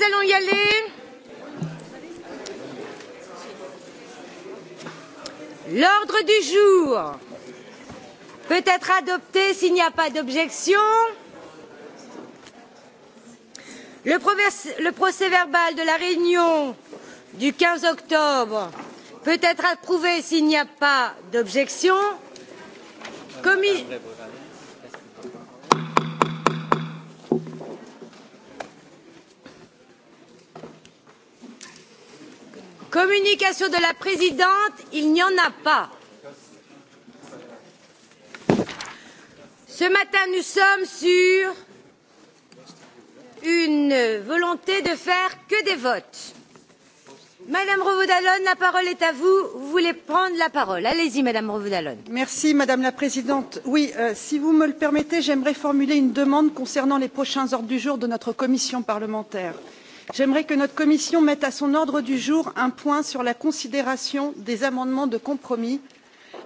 nous allons y aller. L'ordre du jour peut être adopté s'il n'y a pas d'objection. Le, le procès verbal de la réunion du 15 octobre peut être approuvé s'il n'y a pas d'objection. Commis... Communication de la présidente, il n'y en a pas. Ce matin, nous sommes sur une volonté de faire que des votes. Madame Revaud-Dallon, la parole est à vous. Vous voulez prendre la parole. Allez-y, Madame Revaud-Dallon. Merci, Madame la Présidente. Oui, euh, si vous me le permettez, j'aimerais formuler une demande concernant les prochains ordres du jour de notre commission parlementaire. Euh, j'aimerais que notre commission mette à son ordre du jour un point sur la considération des amendements de compromis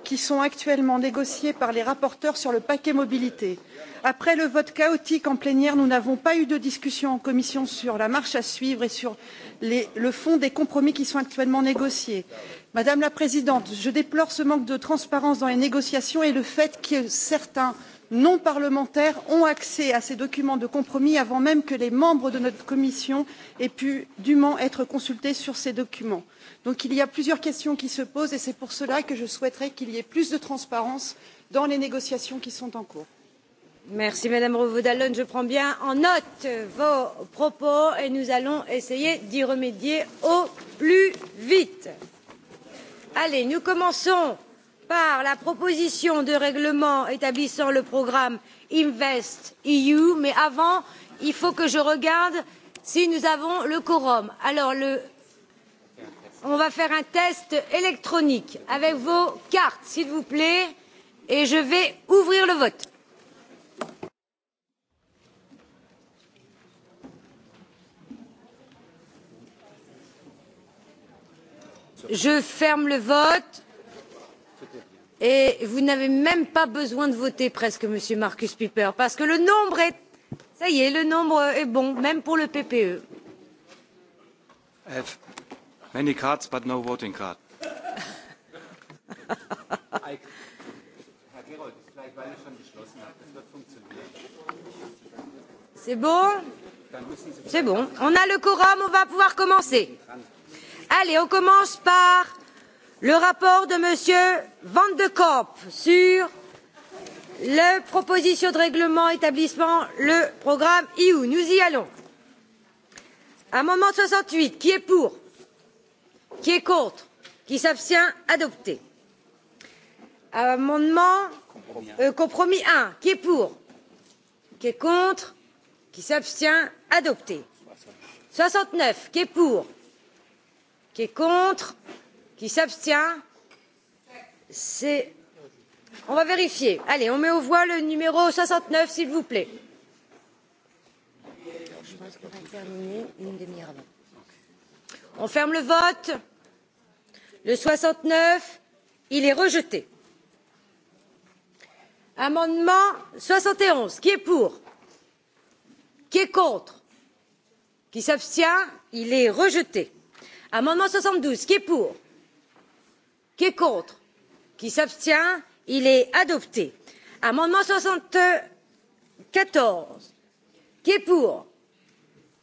qui sont actuellement négociés par les rapporteurs sur le paquet mobilité. après le vote chaotique en plénière nous n'avons pas eu de discussion en commission sur la marche à suivre et sur les, le fond des compromis qui sont actuellement négociés. madame la présidente je déplore ce manque de transparence dans les négociations et le fait que certains non parlementaires ont accès à ces documents de compromis avant même que les membres de notre commission aient pu dûment être consultés sur ces documents. donc il y a plusieurs questions qui se posent et c'est pour cela que je souhaiterais qu'il y ait plus de transparence dans les négociations qui sont en cours. Merci Madame Revaud Dallon. Je prends bien en note vos propos et nous allons essayer d'y remédier au plus vite. Allez, nous commençons par la proposition de règlement établissant le programme invest eu mais avant il faut que je regarde si nous avons le quorum. alors le... on va faire un test électronique avec vos cartes s'il vous plaît et je vais ouvrir le vote. je ferme le vote et vous n'avez même pas besoin de voter presque monsieur markus pieper parce que le nombre est ça y est le nombre est bon même pour le ppe. C'est bon C'est bon. On a le quorum, on va pouvoir commencer. Allez, on commence par le rapport de m. van de camp sur la proposition de règlement établissant le programme eu. nous y allons. amendement soixante huit qui est pour? qui est contre? qui s'abstient? adopté. amendement euh, compromis un qui est pour? qui est contre? qui s'abstient? adopté. soixante neuf qui est pour? qui est contre? Qui s'abstient C'est. On va vérifier. Allez, on met aux voix le numéro 69, s'il vous plaît. On ferme le vote. Le 69, il est rejeté. Amendement 71, qui est pour Qui est contre Qui s'abstient Il est rejeté. Amendement 72, qui est pour qui est contre qui s'abstient il est adopté amendement soixante quatorze qui est pour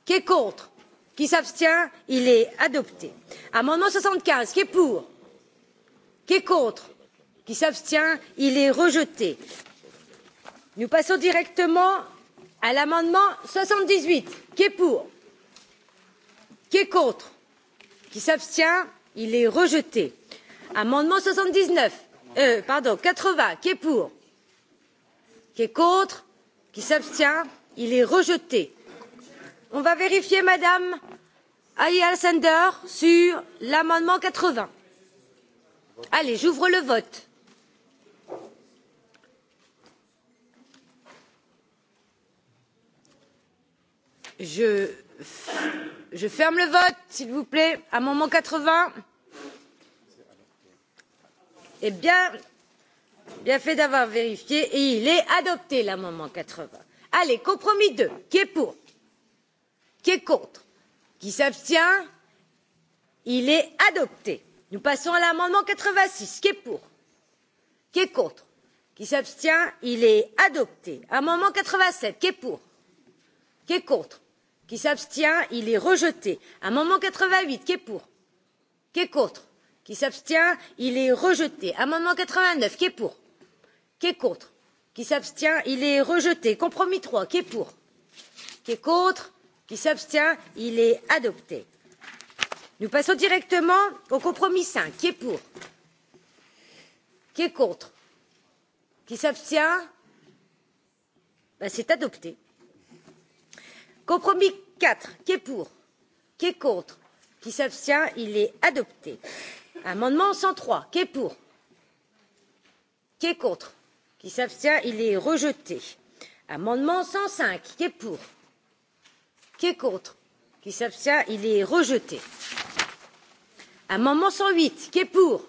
qui est contre qui s'abstient il est adopté amendement soixante quinze qui est pour qui est contre qui s'abstient il est rejeté nous passons directement à l'amendement soixante dix huit qui est pour qui est contre qui s'abstient il est rejeté amendement soixante dix neuf euh, pardon quatre vingts qui est pour qui est contre qui s'abstient il est rejeté. on va vérifier madame ayala sender sur l'amendement quatre vingts allez j'ouvre le vote. je, je ferme le vote s'il vous plaît amendement quatre vingts Eh bien, bien fait d'avoir vérifié et il est adopté l'amendement 80. Allez, compromis 2, qui est pour Qui est contre Qui s'abstient Il est adopté. Nous passons à l'amendement 86, qui est pour Qui est contre Qui s'abstient Il est adopté. Amendement 87, qui est pour Qui est contre Qui s'abstient Il est rejeté. Amendement 88, qui est pour Qui est contre qui s'abstient il est rejeté amendement quatre vingt neuf qui est pour qui est contre qui s'abstient il est rejeté compromis trois qui est pour qui est contre qui s'abstient il est adopté nous passons directement au compromis cinq qui est pour qui est contre qui s'abstient ben, c'est adopté compromis 4, qui est pour qui est contre qui s'abstient il est adopté Amendement 103, qui est pour Qui est contre Qui s'abstient Il est rejeté. Amendement 105, qui est pour Qui est contre Qui s'abstient Il est rejeté. Amendement 108, qui est pour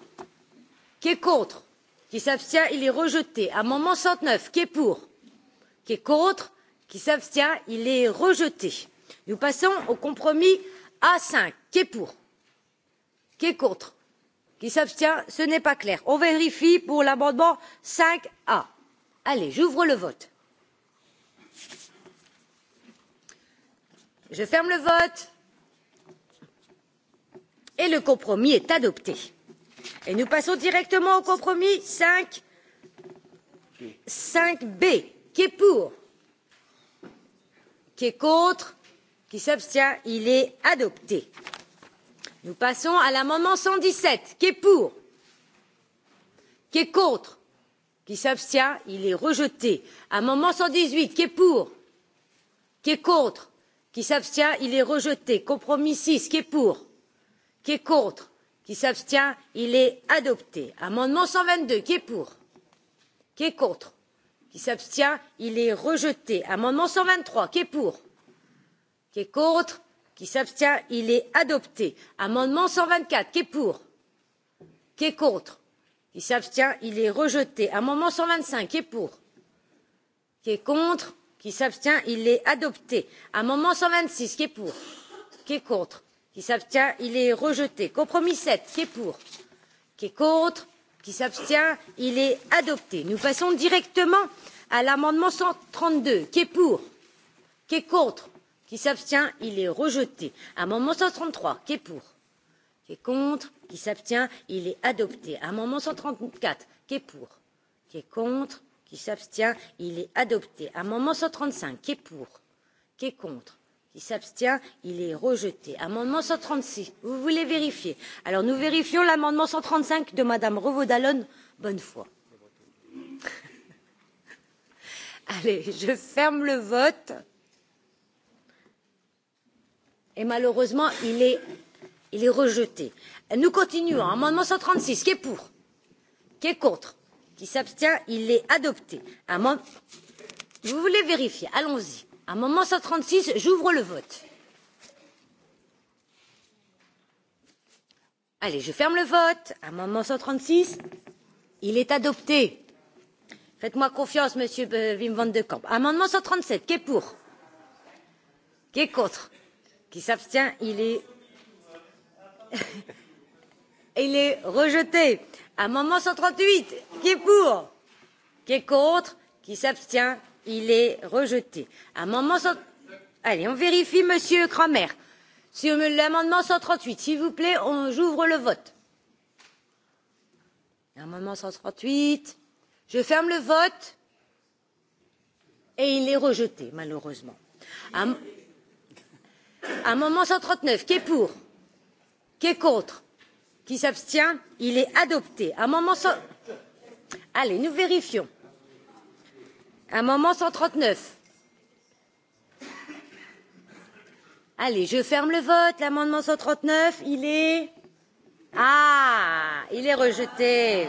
Qui est contre Qui s'abstient Il est rejeté. Amendement 109, qui est pour Qui est contre Qui s'abstient Il est rejeté. Nous passons au compromis A5, qui est pour Qui est contre qui s'abstient ce n'est pas clair on vérifie pour l'amendement cinq a allez j'ouvre le vote je ferme le vote et le compromis est adopté et nous passons directement au compromis cinq cinq b qui est pour qui est contre qui s'abstient il est adopté. Nous passons à l'amendement 117. Qui est pour Qui est contre Qui s'abstient Il est rejeté. Amendement 118. Qui est pour Qui est contre Qui s'abstient Il est rejeté. Compromis 6. Qui est pour Qui est contre Qui s'abstient Il est adopté. Amendement 122. Qui est pour Qui est contre Qui s'abstient Il est rejeté. Amendement 123. Qui est pour Qui est contre qui s'abstient il est adopté amendement cent vingt quatre qui est pour qui est contre qui s'abstient il est rejeté amendement cent vingt cinq qui est pour qui est contre qui s'abstient il est adopté amendement cent vingt six qui est pour qui est contre qui s'abstient il est rejeté compromis sept qui est pour qui est contre qui s'abstient il est adopté nous passons directement à l'amendement cent trente deux qui est pour qui est contre qui s'abstient il est rejeté amendement cent trente trois qui est pour qui est contre qui s'abstient il est adopté amendement cent trente quatre qui est pour qui est contre qui s'abstient il est adopté amendement cent trente cinq qui est pour qui est contre qui s'abstient il est rejeté amendement cent trente six vous voulez vérifier alors nous vérifions l'amendement cent trente cinq de madame revaud dallon bonne foi allez je ferme le vote et malheureusement il est, il est rejeté. Nous continuons. Amendement 136, qui est pour Qui est contre Qui s'abstient Il est adopté. Amend... Vous voulez vérifier Allons-y. Amendement 136, j'ouvre le vote. Allez, je ferme le vote. Amendement 136, il est adopté. Faites-moi confiance, monsieur euh, Wim van de Kamp. Amendement 137, qui est pour Qui est contre qui s'abstient il est il est rejeté amendement cent trente qui est pour qui est contre qui s'abstient il est rejeté amendement cent allez on vérifie monsieur Kramer sur l'amendement 138, s'il vous plaît on j'ouvre le vote amendement cent trente je ferme le vote et il est rejeté malheureusement Am amendement 139, qui est pour qui est contre qui s'abstient il est adopté amendement 100... allez nous vérifions amendement 139. allez je ferme le vote l'amendement 139, il est ah il est rejeté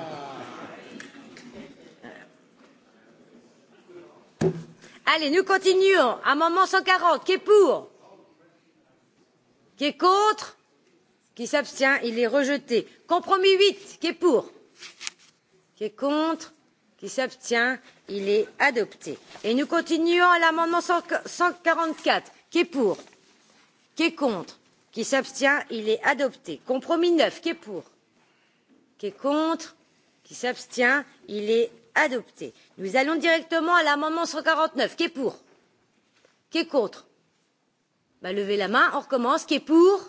allez nous continuons amendement 140, qui est pour Qui est contre Qui s'abstient Il est rejeté. Compromis 8. Qui est pour Qui est contre Qui s'abstient Il est adopté. Et nous continuons à l'amendement 144. Qui est pour Qui est contre Qui s'abstient Il est adopté. Compromis 9. Qui est pour Qui est contre Qui s'abstient Il est adopté. Nous allons directement à l'amendement 149. Qui est pour Qui est contre bah, Levez la main, on recommence. Qui est pour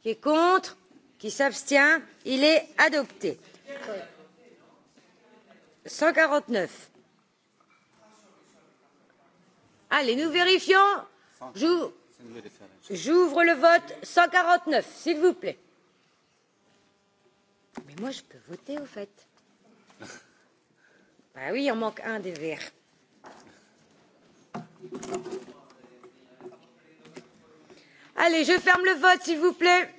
Qui est contre Qui s'abstient Il est adopté. 149. Allez, nous vérifions. J'ouvre le vote 149, s'il vous plaît. Mais moi, je peux voter, au fait. Bah oui, il en manque un des verts. Thank you. Allez, je ferme le vote, s'il vous plaît.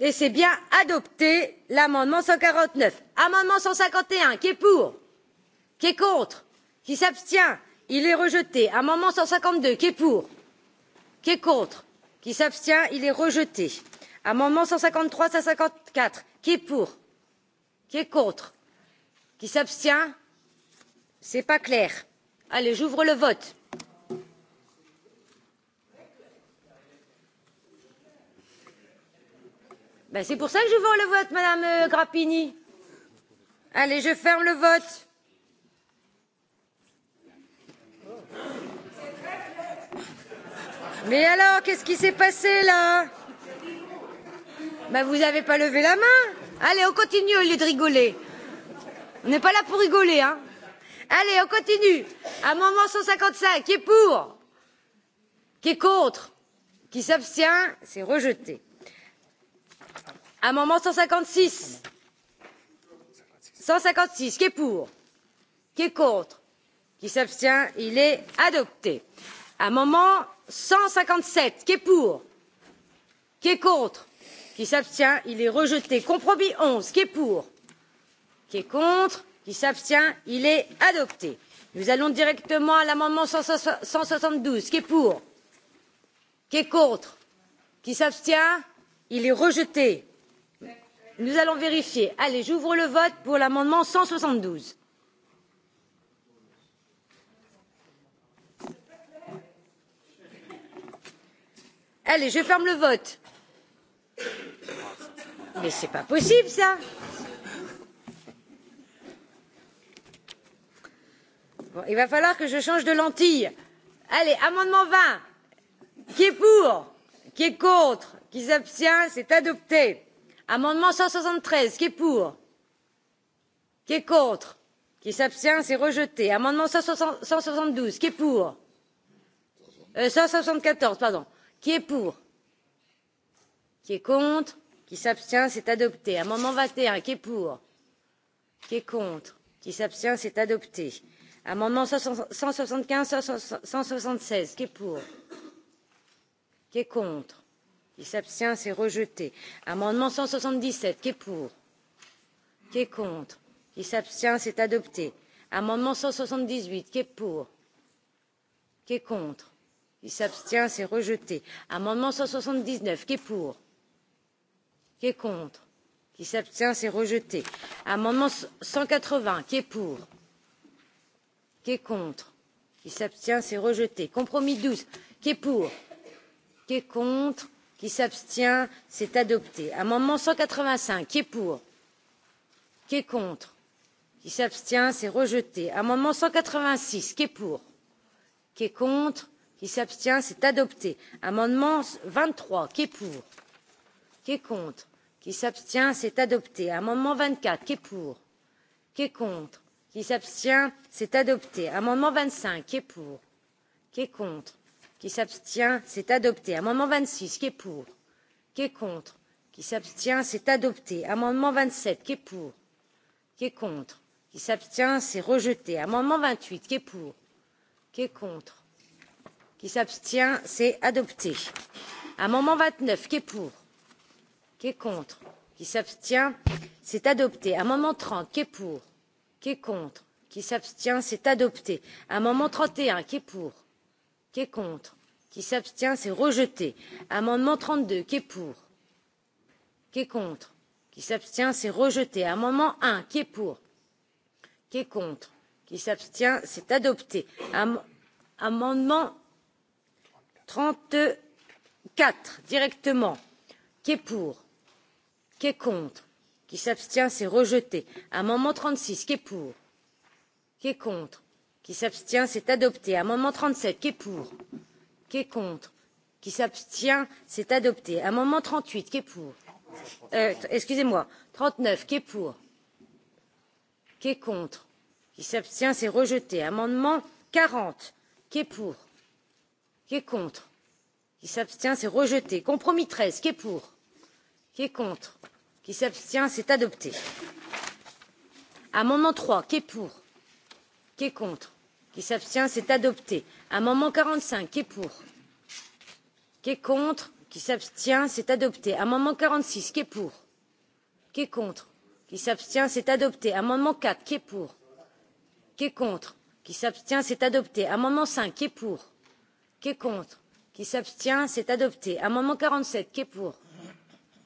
Et c'est bien adopté l'amendement 149. Amendement 151, qui est pour Qui est contre Qui s'abstient Il est rejeté. Amendement 152, qui est pour Qui est contre Qui s'abstient Il est rejeté. Amendement 153, 154, qui est pour Qui est contre Qui s'abstient C'est pas clair. Allez, j'ouvre le vote. Ben, C'est pour ça que je vais le vote, Madame euh, Grappini. Allez, je ferme le vote. Mais alors, qu'est-ce qui s'est passé là Ben vous n'avez pas levé la main. Allez, on continue au lieu de rigoler. On n'est pas là pour rigoler, hein. Allez, on continue. Amendement 155, qui est pour Qui est contre Qui s'abstient C'est rejeté amendement cent cinquante six cent cinquante six qui est pour qui est contre qui s'abstient il est adopté amendement cent cinquante sept qui est pour qui est contre qui s'abstient il est rejeté compromis onze qui est pour qui est contre qui s'abstient il est adopté nous allons directement à l'amendement cent soixante douze qui est pour qui est contre qui s'abstient il est rejeté nous allons vérifier. allez j'ouvre le vote pour l'amendement cent soixante douze allez je ferme le vote mais c'est pas possible ça bon, il va falloir que je change de lentille allez amendement vingt qui est pour qui est contre qui s'abstient c'est adopté amendement cent soixante treize qui est pour qui est contre qui s'abstient c'est rejeté amendement cent soixante douze qui est pour euh, cent soixante quatorze pardon qui est pour qui est contre qui s'abstient c'est adopté amendement vingt et un qui est pour qui est contre qui s'abstient c'est adopté amendement cent soixante quinze cent soixante seize qui est pour qui est contre qui s'abstient c'est rejeté amendement cent soixante dix sept qui est pour qui est contre qui s'abstient c'est adopté amendement cent soixante dix huit qui est pour qui est contre qui s'abstient c'est rejeté amendement cent soixante dix neuf qui est pour qui est contre qui s'abstient c'est rejeté amendement cent quatre vingts qui est pour qui est contre qui s'abstient c'est rejeté compromis douze qui est pour qui est contre qui s'abstient c'est adopté amendement cent quatre vingt cinq qui est pour qui est contre qui s'abstient c'est rejeté amendement cent quatre vingt six qui est pour qui est contre qui s'abstient c'est adopté amendement vingt trois qui est pour qui est contre qui s'abstient c'est adopté amendement vingt quatre qui est pour qui est contre qui s'abstient c'est adopté amendement vingt cinq qui est pour qui est contre qui s'abstient c'est adopté amendement vingt six qui est pour qui est contre qui s'abstient c'est adopté amendement vingt sept qui est pour qui est contre qui s'abstient c'est rejeté amendement vingt huit qui est pour qui est contre qui s'abstient c'est adopté amendement vingt neuf qui est pour qui est contre qui s'abstient c'est adopté amendement trente qui est pour qui est contre qui s'abstient c'est adopté amendement trente et un qui est pour qui est contre, qui s'abstient, c'est rejeté. Amendement 32, qui est pour, qui est contre, qui s'abstient, c'est rejeté. Amendement 1, qui est pour, qui est contre, qui s'abstient, c'est adopté. Am amendement 34, directement, qui est pour, qui est contre, qui s'abstient, c'est rejeté. Amendement 36, qui est pour, qui est contre, qui s'abstient c'est adopté amendement trente sept qui est pour qui est contre qui s'abstient c'est adopté amendement trente huit qui est pour euh, excusez moi trente neuf qui est pour qui est contre qui s'abstient c'est rejeté amendement quarante qui est pour qui est contre qui s'abstient c'est rejeté compromis treize qui est pour qui est contre qui s'abstient c'est adopté amendement trois qui est pour qui est contre qui s'abstient c'est adopté amendement 45, qui est pour qui est contre qui s'abstient c'est adopté amendement 46, qui est pour qui est contre qui s'abstient c'est adopté amendement 4, qui est pour qui est contre qui s'abstient c'est adopté amendement 5, qui est pour qui est contre qui s'abstient c'est adopté amendement 47, qui est pour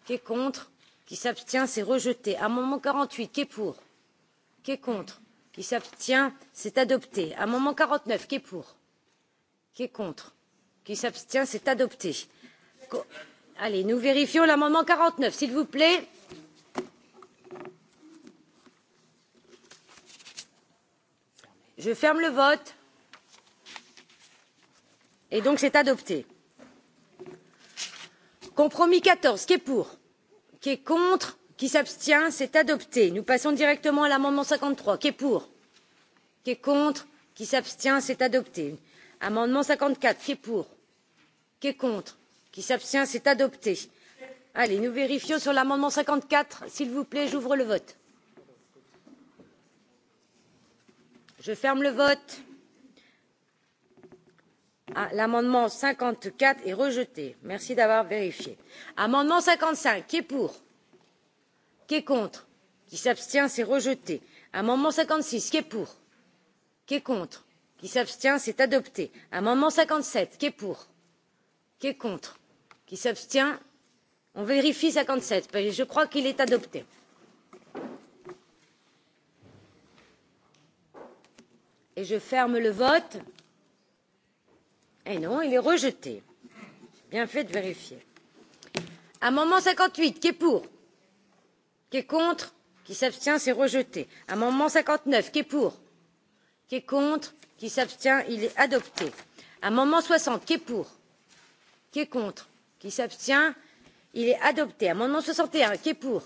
qui est contre qui s'abstient c'est rejeté amendement 48, qui est pour qui est contre qui s'abstient c'est adopté amendement quarante neuf qui est pour qui est contre qui s'abstient c'est adopté Co allez nous vérifions l'amendement quarante neuf s'il vous plaît je ferme le vote et donc c'est adopté compromis quatorze qui est pour qui est contre qui s'abstient c'est adopté nous passons directement à l'amendement cinquante trois qui est pour qui est contre qui s'abstient c'est adopté amendement cinquante quatre qui est pour qui est contre qui s'abstient c'est adopté allez nous vérifions sur l'amendement cinquante quatre s'il vous plaît j'ouvre le vote je ferme le vote ah, l'amendement cinquante quatre est rejeté merci d'avoir vérifié amendement cinquante cinq qui est pour qui est contre qui s'abstient c'est rejeté amendement cinquante six qui est pour qui est contre qui s'abstient c'est adopté amendement cinquante sept qui est pour qui est contre qui s'abstient on vérifie cinquante sept je crois qu'il est adopté et je ferme le vote et eh non il est rejeté bien fait de vérifier amendement cinquante huit qui est pour qui est contre qui s'abstient c'est rejeté amendement cinquante neuf qui est pour qui est contre qui s'abstient il est adopté amendement soixante qui est pour qui est contre qui s'abstient il est adopté amendement soixante et un qui est pour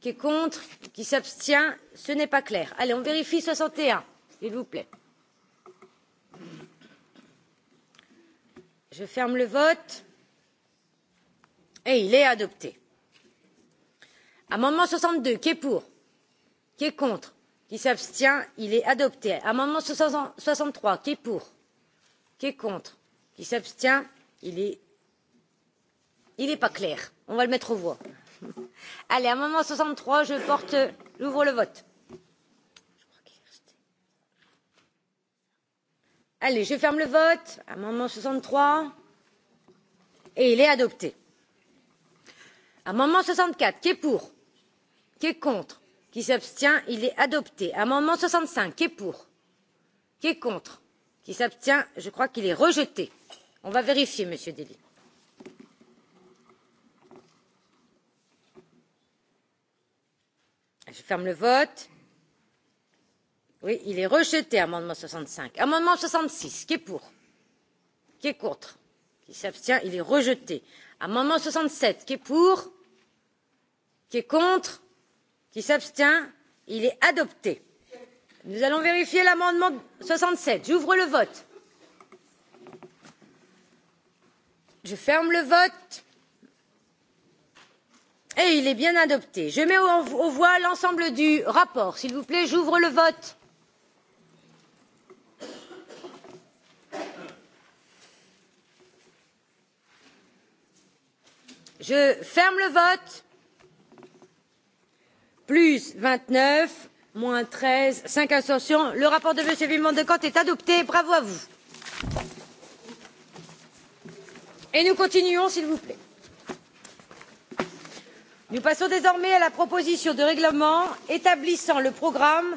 qui est contre qui s'abstient ce n'est pas clair allez on vérifie soixante et un s'il vous plaît je ferme le vote et il est adopté Amendement 62, qui est pour Qui est contre Qui s'abstient Il est adopté. Amendement 63, qui est pour Qui est contre Qui s'abstient Il est... Il n'est pas clair. On va le mettre aux voix. Allez, amendement 63, je porte... J'ouvre le vote. Allez, je ferme le vote. Amendement 63. Et il est adopté. Amendement 64, qui est pour qui est contre qui s'abstient il est adopté amendement soixante cinq qui est pour qui est contre qui s'abstient je crois qu'il est rejeté on va vérifier monsieur Dely. je ferme le vote oui il est rejeté amendement soixante cinq amendement soixante six qui est pour qui est contre qui s'abstient il est rejeté amendement soixante sept qui est pour qui est contre qui s'abstient il est adopté. nous allons vérifier l'amendement soixante sept j'ouvre le vote je ferme le vote et il est bien adopté. je mets aux voix l'ensemble du rapport s'il vous plaît j'ouvre le vote. je ferme le vote plus vingt neuf moins treize cinq abstentions le rapport de m. wim de camp est adopté bravo à vous. et nous continuons s'il vous plaît. nous passons désormais à la proposition de règlement établissant le programme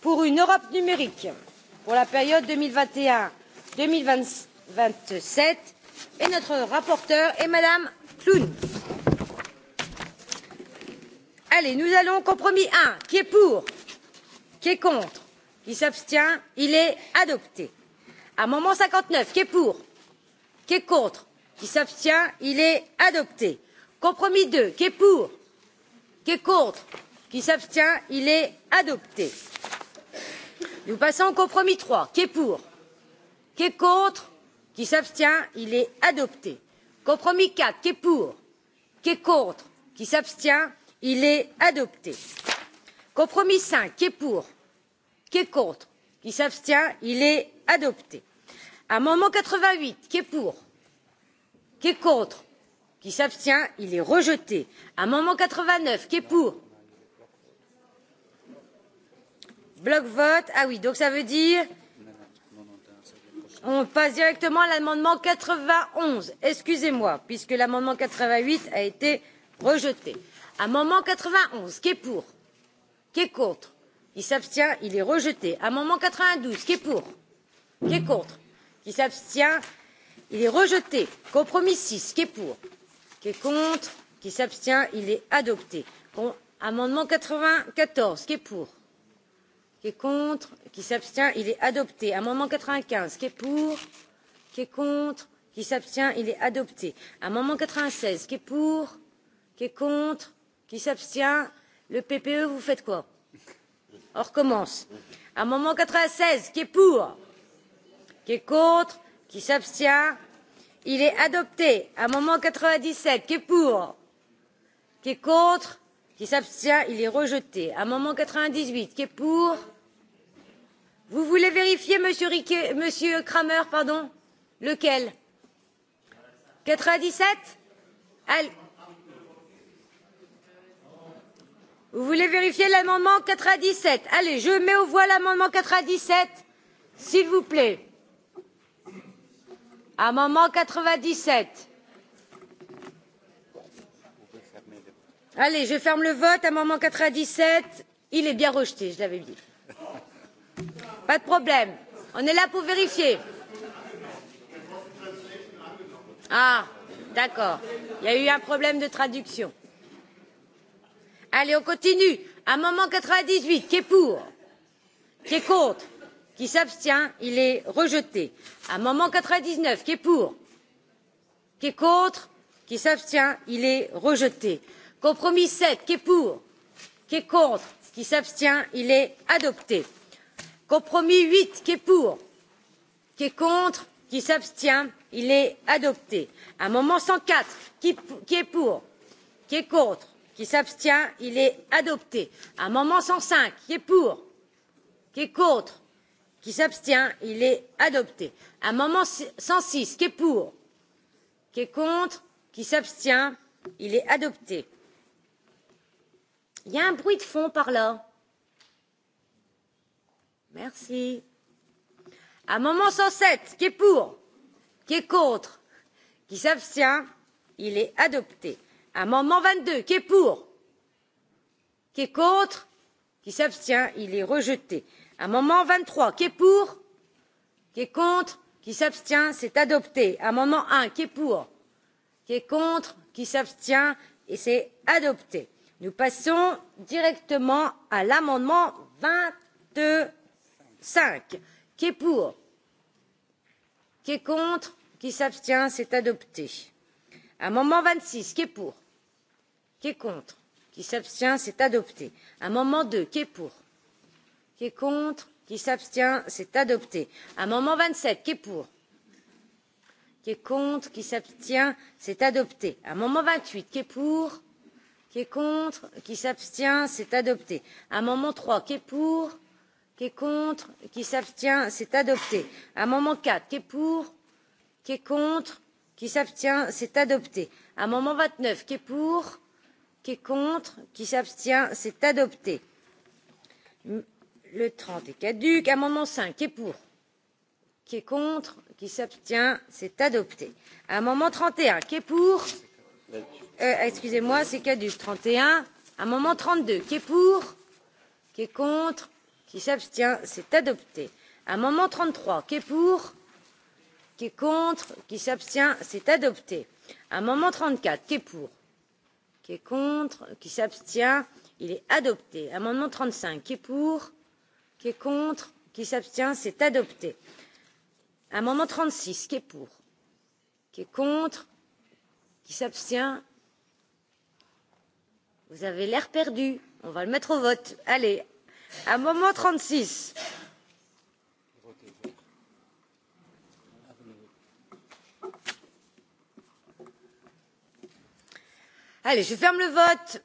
pour une europe numérique pour la période deux mille vingt et un deux mille vingt sept et notre rapporteure est mme kluun. Allez, nous allons au compromis 1. Qui est pour Qui est contre Qui s'abstient Il est adopté. Amendement 59. Qui est pour Qui est contre Qui s'abstient Il est adopté. Compromis 2. Qui est pour Qui est contre Qui s'abstient Il est adopté. Nous passons au compromis 3. Qui est pour Qui est contre Qui s'abstient Il est adopté. Compromis 4. Qui est pour Qui est contre Qui s'abstient il est adopté. compromis cinq qui est pour qui est contre qui s'abstient il est adopté. amendement quatre vingt huit qui est pour qui est contre qui s'abstient il est rejeté. amendement quatre vingt neuf qui est pour bloc vote ah oui donc ça veut dire on passe directement à l'amendement quatre vingt onze excusez moi puisque l'amendement quatre vingt huit a été rejeté Amendement 91, qui est pour Qui est contre Qui s'abstient Il est rejeté. Amendement 92, qui est pour Qui est contre Qui s'abstient Il est rejeté. Compromis 6, qui est pour Qui est contre Qui s'abstient Il est adopté. Bon, amendement 94, qui est pour Qui est contre Qui s'abstient Il est adopté. Amendement 95, qui est pour Qui est contre Qui s'abstient Il est adopté. Amendement 96, qui est pour Qui est contre qui s'abstient le ppe vous faites quoi? on recommence amendement 96, vingt seize qui est pour qui est contre qui s'abstient il est adopté amendement quatre vingt dix qui est pour qui est contre qui s'abstient il est rejeté amendement quatre vingt dix qui est pour vous voulez vérifier monsieur, Rique, monsieur kramer pardon lequel 97 Allez. Vous voulez vérifier l'amendement 97 Allez, je mets aux voix l'amendement 97, s'il vous plaît. Amendement 97. Allez, je ferme le vote. Amendement 97, il est bien rejeté, je l'avais dit. Pas de problème. On est là pour vérifier. Ah, d'accord. Il y a eu un problème de traduction. Allez, on continue. Amendement 98, qui est pour Qui est contre Qui s'abstient Il est rejeté. Amendement 99, qui est pour Qui est contre Qui s'abstient Il est rejeté. Compromis 7, qui est pour Qui est contre Qui s'abstient Il est adopté. Compromis 8, qui est pour Qui est contre Qui s'abstient Il est adopté. Amendement 104, qui, qui est pour Qui est contre qui s'abstient il est adopté amendement cent cinq qui est pour qui est contre qui s'abstient il est adopté amendement cent six qui est pour qui est contre qui s'abstient il est adopté il y a un bruit de fond par là merci amendement cent sept qui est pour qui est contre qui s'abstient il est adopté amendement vingt deux qui est pour qui est contre qui s'abstient il est rejeté amendement vingt trois qui est pour qui est contre qui s'abstient c'est adopté amendement un qui est pour qui est contre qui s'abstient et c'est adopté nous passons directement à l'amendement vingt cinq qui est pour qui est contre qui s'abstient c'est adopté amendement vingt six qui est pour qui est contre qui s'abstient c'est adopté amendement deux qui est pour qui est contre qui s'abstient c'est adopté amendement vingt sept qui est pour qui est contre qui s'abstient c'est adopté amendement vingt huit qui est pour qui est contre qui s'abstient c'est adopté amendement trois qui est pour qui est contre qui s'abstient c'est adopté amendement quatre qui est pour qui est contre qui s'abstient c'est adopté amendement vingt neuf qui est pour qui est contre, qui s'abstient, c'est adopté. Le 30 est caduc. Amendement 5, qui est pour, qui est contre, qui s'abstient, c'est adopté. Amendement 31, qui est pour, euh, excusez-moi, c'est caduc. 31, amendement 32, qui est pour, qui est contre, qui s'abstient, c'est adopté. Amendement 33, qui est pour, qui est contre, qui s'abstient, c'est adopté. Amendement 34, qui est pour, qui est contre, qui s'abstient, il est adopté. Amendement 35, qui est pour, qui est contre, qui s'abstient, c'est adopté. Amendement 36, qui est pour, qui est contre, qui s'abstient. Vous avez l'air perdu. On va le mettre au vote. Allez, amendement 36. Allez, je ferme le vote.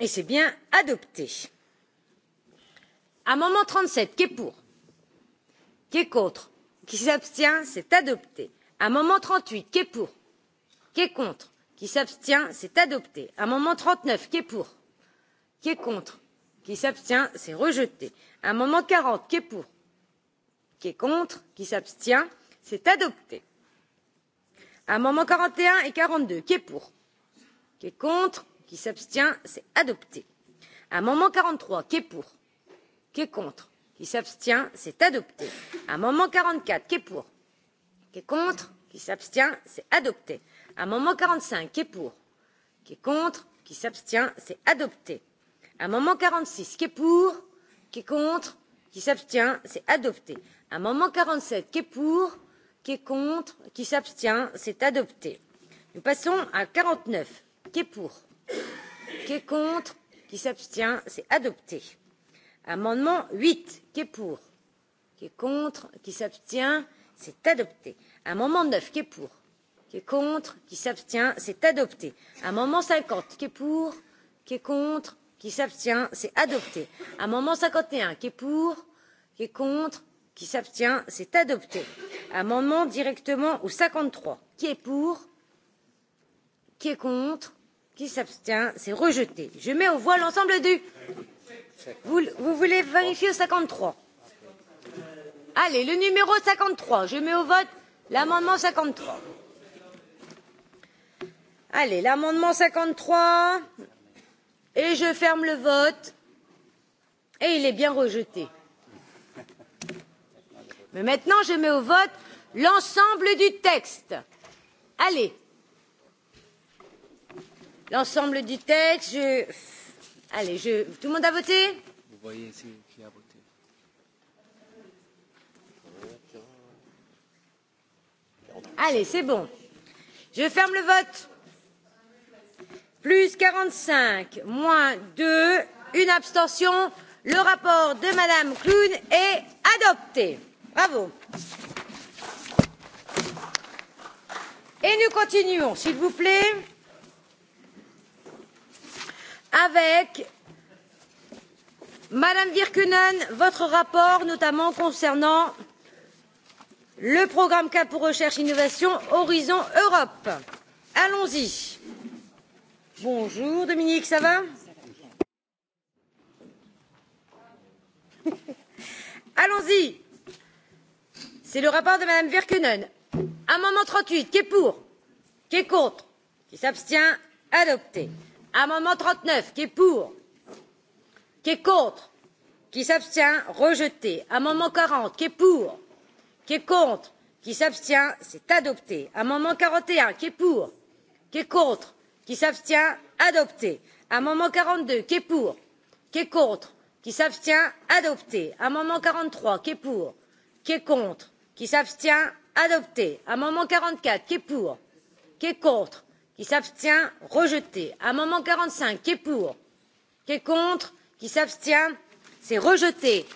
Et c'est bien adopté. Amendement 37, qui est pour Qui est contre Qui s'abstient C'est adopté. Amendement 38, qui est pour Qui est contre Qui s'abstient C'est adopté. Amendement 39, qui est pour Qui est contre Qui s'abstient C'est rejeté. Amendement 40, qui est pour Qui est contre Qui s'abstient C'est adopté amendements quarante et un et quarante qui est pour qui est contre qui s'abstient c'est adopté amendement quarante trois qui est pour qui est contre qui s'abstient c'est adopté amendement quarante quatre qui est pour qui est contre qui s'abstient c'est adopté amendement quarante cinq qui est pour qui est contre qui s'abstient c'est adopté amendement quarante six qui est pour qui est contre qui s'abstient c'est adopté amendement quarante sept qui est pour qui est Qui est contre Qui s'abstient C'est adopté. Nous passons à 49. Qui est pour Qui est contre Qui s'abstient C'est adopté. Amendement 8. Qui est pour Qui est contre Qui s'abstient C'est adopté. Amendement 9. Qui est pour Qui est contre Qui s'abstient C'est adopté. Amendement 50. Qui est pour Qui est contre Qui s'abstient C'est adopté. Amendement 51. Qui est pour Qui est contre qui s'abstient c'est adopté amendement directement au 53. qui est pour qui est contre qui s'abstient c'est rejeté je mets au voile l'ensemble du vous, vous voulez vérifier au 53 allez le numéro 53. je mets au vote l'amendement 53. allez l'amendement 53. et je ferme le vote et il est bien rejeté. Mais maintenant, je mets au vote l'ensemble du texte. Allez. L'ensemble du texte, je... Allez, je... Tout le monde a voté Vous voyez ici qui a voté. Allez, c'est bon. Je ferme le vote. Plus 45, moins 2, une abstention. Le rapport de Madame Clune est adopté. Bravo. Et nous continuons, s'il vous plaît, avec Madame Virkunen, votre rapport, notamment concernant le programme Cap pour Recherche et Innovation Horizon Europe. Allons-y. Bonjour Dominique, ça va Allons-y c'est le rapport de mme virkkunen amendement trente huit qui est pour qui est contre qui s'abstient adopté amendement trente neuf qui est pour qui est contre qui s'abstient rejeté amendement quarante qui est pour qui est contre qui s'abstient c'est adopté amendement quarante et un qui est pour qui est contre qui s'abstient adopté amendement quarante deux qui est pour qui est contre qui s'abstient adopté amendement quarante trois qui est pour qui est contre qui s'abstient adopté amendement quarante quatre qui est pour qui est contre qui s'abstient rejeté amendement quarante cinq qui est pour qui est contre qui s'abstient c'est rejeté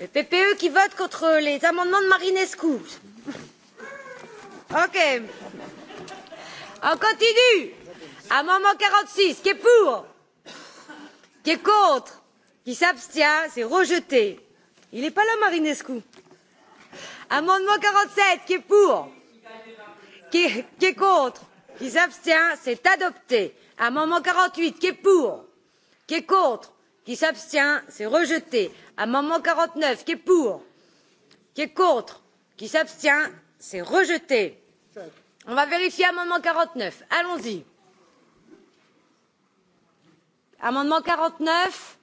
le ppe qui vote contre les amendements de marinescu ok on continue amendement quarante six qui est pour qui est contre qui s'abstient c'est rejeté il n'est pas là marinescu Amendement 47, qui est pour qui est, qui est contre Qui s'abstient C'est adopté. Amendement 48, qui est pour Qui est contre Qui s'abstient C'est rejeté. Amendement 49, qui est pour Qui est contre Qui s'abstient C'est rejeté. On va vérifier amendement 49. Allons-y. Amendement 49.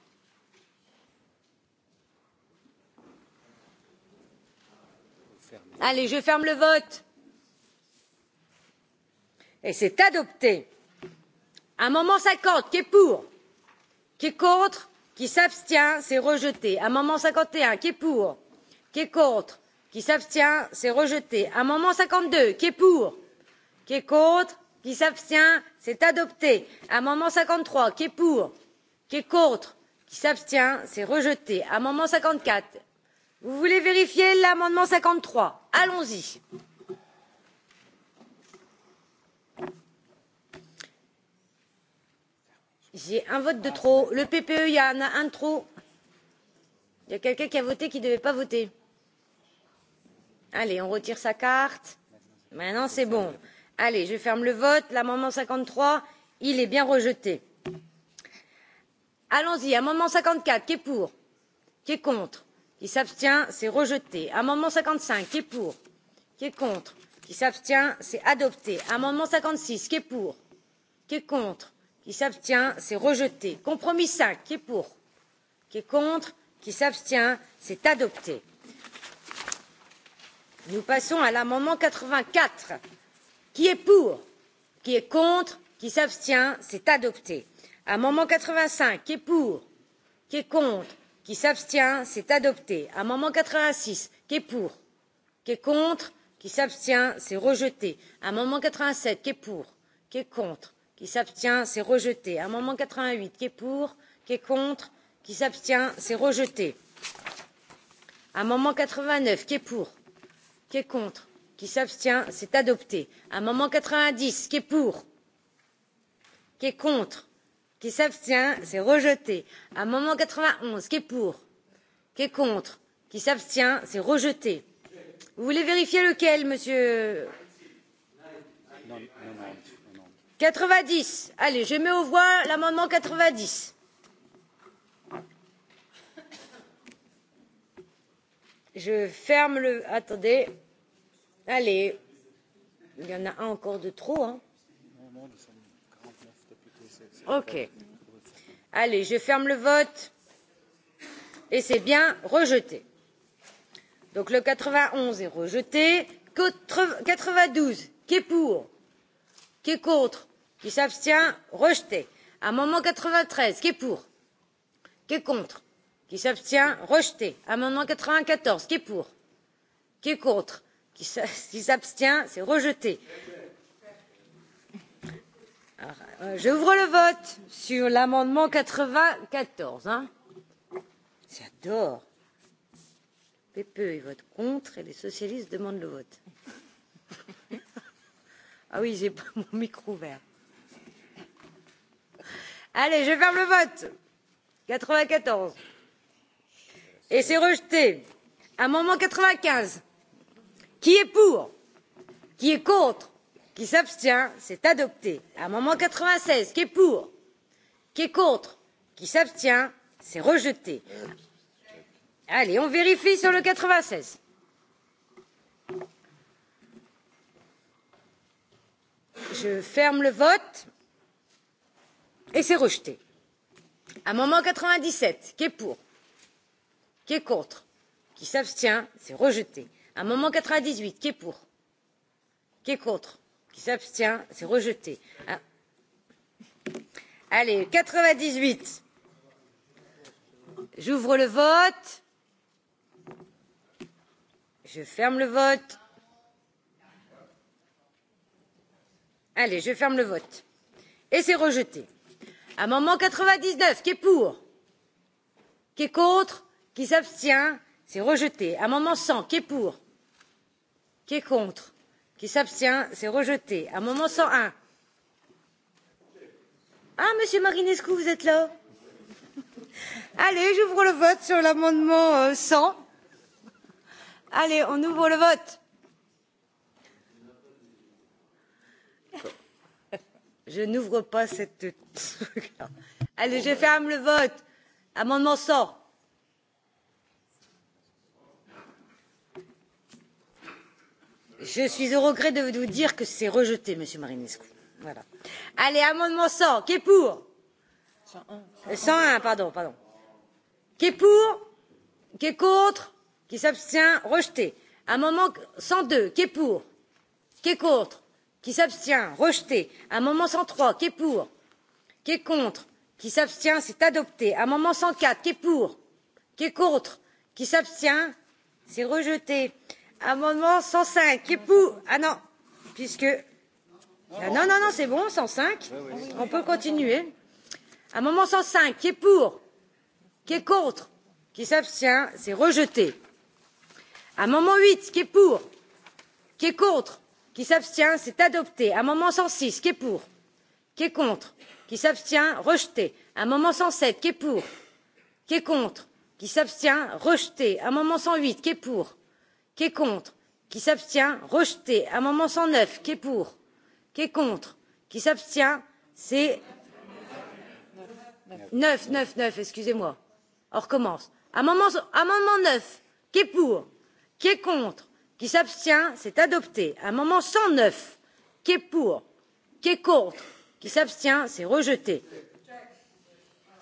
allez je ferme le vote et c'est adopté amendement cinquante qui est pour qui est contre qui s'abstient c'est rejeté amendement cinquante et un qui est pour qui est contre qui s'abstient c'est rejeté amendement cinquante deux qui est pour qui est contre qui s'abstient c'est adopté amendement cinquante trois qui est pour qui est contre qui s'abstient c'est rejeté amendement cinquante quatre Vous voulez vérifier l'amendement 53 Allons-y. J'ai un vote de trop. Le PPE, il y en a un de trop. Il y a quelqu'un qui a voté qui ne devait pas voter. Allez, on retire sa carte. Maintenant, c'est bon. Allez, je ferme le vote. L'amendement 53, il est bien rejeté. Allons-y, amendement 54, qui est pour Qui est contre qui s'abstient c'est rejeté amendement cinquante cinq qui est pour qui est contre qui s'abstient c'est adopté amendement cinquante six qui est pour qui est contre qui s'abstient c'est rejeté compromis cinq qui est pour qui est contre qui s'abstient c'est adopté nous passons à l'amendement quatre vingt quatre qui est pour qui est contre qui s'abstient c'est adopté amendement quatre vingt cinq qui est pour qui est contre qui s'abstient c'est adopté amendement quatre vingt six qui est pour qui est contre qui s'abstient c'est rejeté amendement quatre vingt sept qui est pour qui est contre qui s'abstient c'est rejeté amendement quatre vingt huit qui est pour qui est contre qui s'abstient c'est rejeté amendement quatre vingt neuf qui est pour qui est contre qui s'abstient c'est adopté amendement quatre vingt dix qui est pour qui est contre qui s'abstient c'est rejeté amendement 91, qui est pour qui est contre qui s'abstient c'est rejeté vous voulez vérifier lequel monsieur 90. allez je mets aux voix l'amendement 90. je ferme le attendez allez il y en a un encore de trop hein. OK. Allez, je ferme le vote. Et c'est bien rejeté. Donc le 91 est rejeté. 92, qui est pour Qui est contre Qui s'abstient Rejeté. Amendement 93, qui est pour Qui est contre Qui s'abstient Rejeté. Amendement 94, qui est pour Qui est contre Qui s'abstient C'est rejeté. Euh, j'ouvre le vote sur l'amendement 94. Hein. J'adore. PPE, il vote contre et les socialistes demandent le vote. ah oui, j'ai pas mon micro ouvert. Allez, je ferme le vote. 94. Et c'est rejeté. Amendement 95. Qui est pour Qui est contre qui s'abstient c'est adopté amendement quatre vingt seize qui est pour qui est contre qui s'abstient c'est rejeté allez on vérifie sur le quatre vingt seize je ferme le vote et c'est rejeté amendement quatre vingt dix sept qui est pour qui est contre qui s'abstient c'est rejeté amendement quatre vingt dix huit qui est pour qui est contre qui s'abstient c'est rejeté ah. allez quatre vingt dix huit j'ouvre le vote je ferme le vote allez je ferme le vote et c'est rejeté amendement quatre vingt dix neuf qui est pour qui est contre qui s'abstient c'est rejeté amendement cent qui est pour qui est contre qui s'abstient c'est rejeté amendement cent un ah monsieur marinescu vous êtes là allez j'ouvre le vote sur l'amendement euh, cent allez on ouvre le vote je n'ouvre pas cette allez je ferme le vote amendement cent Je suis au regret de vous dire que c'est rejeté, Monsieur Marinescu. Voilà. Allez, amendement 100, qui est pour 101, 101 pardon, pardon. Qui est pour Qui est contre Qui s'abstient Rejeté. Amendement 102, qui est pour Qui est contre Qui s'abstient Rejeté. Amendement 103, qui est pour Qui est contre Qui s'abstient C'est adopté. Amendement 104, qui est pour Qui est contre Qui s'abstient C'est rejeté. Amendement 105. Qui est pour Ah non, puisque. Ah, non, non, non, c'est bon, 105. On peut continuer. Amendement 105. Qui est pour Qui est contre Qui s'abstient C'est rejeté. Amendement 8. Qui est pour Qui est contre Qui s'abstient C'est adopté. Amendement 106. Qui est pour Qui est contre Qui s'abstient Rejeté. Amendement 107. Qui est pour Qui est contre Qui s'abstient Rejeté. Amendement 108. Qui est pour qui est contre qui s'abstient rejeté amendement cent neuf qui est pour qui est contre qui s'abstient c'est neuf neuf neuf excusez moi on recommence amendement neuf qui est pour qui est contre qui s'abstient c'est adopté amendement cent neuf qui est pour qui est contre qui s'abstient c'est rejeté.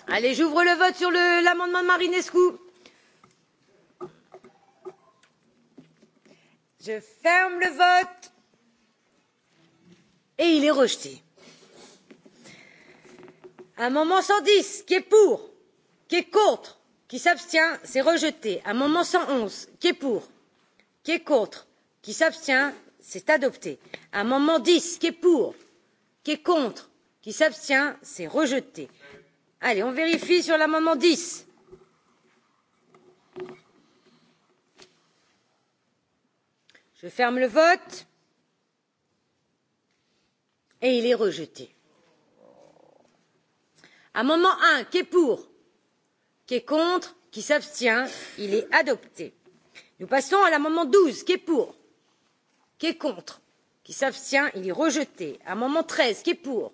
allez j'ouvre le vote sur l'amendement de marinescu. je ferme le vote et il est rejeté. amendement cent dix qui est pour qui est contre qui s'abstient c'est rejeté. amendement cent onze qui est pour qui est contre qui s'abstient c'est adopté. amendement 10, qui est pour qui est contre qui s'abstient c'est rejeté. allez on vérifie sur l'amendement 10. je ferme le vote et il est rejeté. amendement un qui est pour qui est contre qui s'abstient il est adopté. nous passons à l'amendement douze qui est pour qui est contre qui s'abstient il est rejeté. amendement treize qui est pour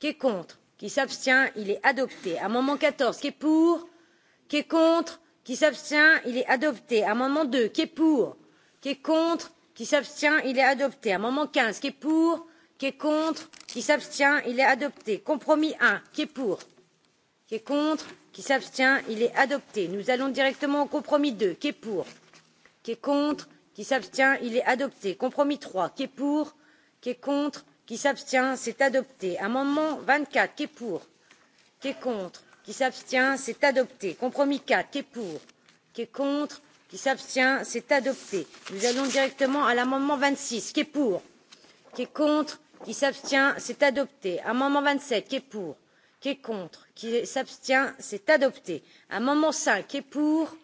qui est contre qui s'abstient il est adopté. amendement quatorze qui est pour qui est contre qui s'abstient il est adopté. amendement deux qui est pour qui est contre, qui s'abstient, il est adopté. Amendement 15, qui est pour, qui est contre, qui s'abstient, il est adopté. Compromis 1, qui est pour, qui est contre, qui s'abstient, il est adopté. Nous allons directement au compromis 2, qui est pour, qui est contre, qui s'abstient, il est adopté. Compromis 3, qui est pour, qui est contre, qui s'abstient, c'est adopté. Amendement 24, qui est pour, qui est contre, qui s'abstient, c'est adopté. Compromis 4, qui est pour, qui est contre, qui s'abstient c'est adopté. nous allons directement à l'amendement vingt six qui est pour qui est contre qui s'abstient c'est adopté. amendement vingt sept qui est pour qui est contre qui s'abstient c'est adopté. amendement cinq qui est pour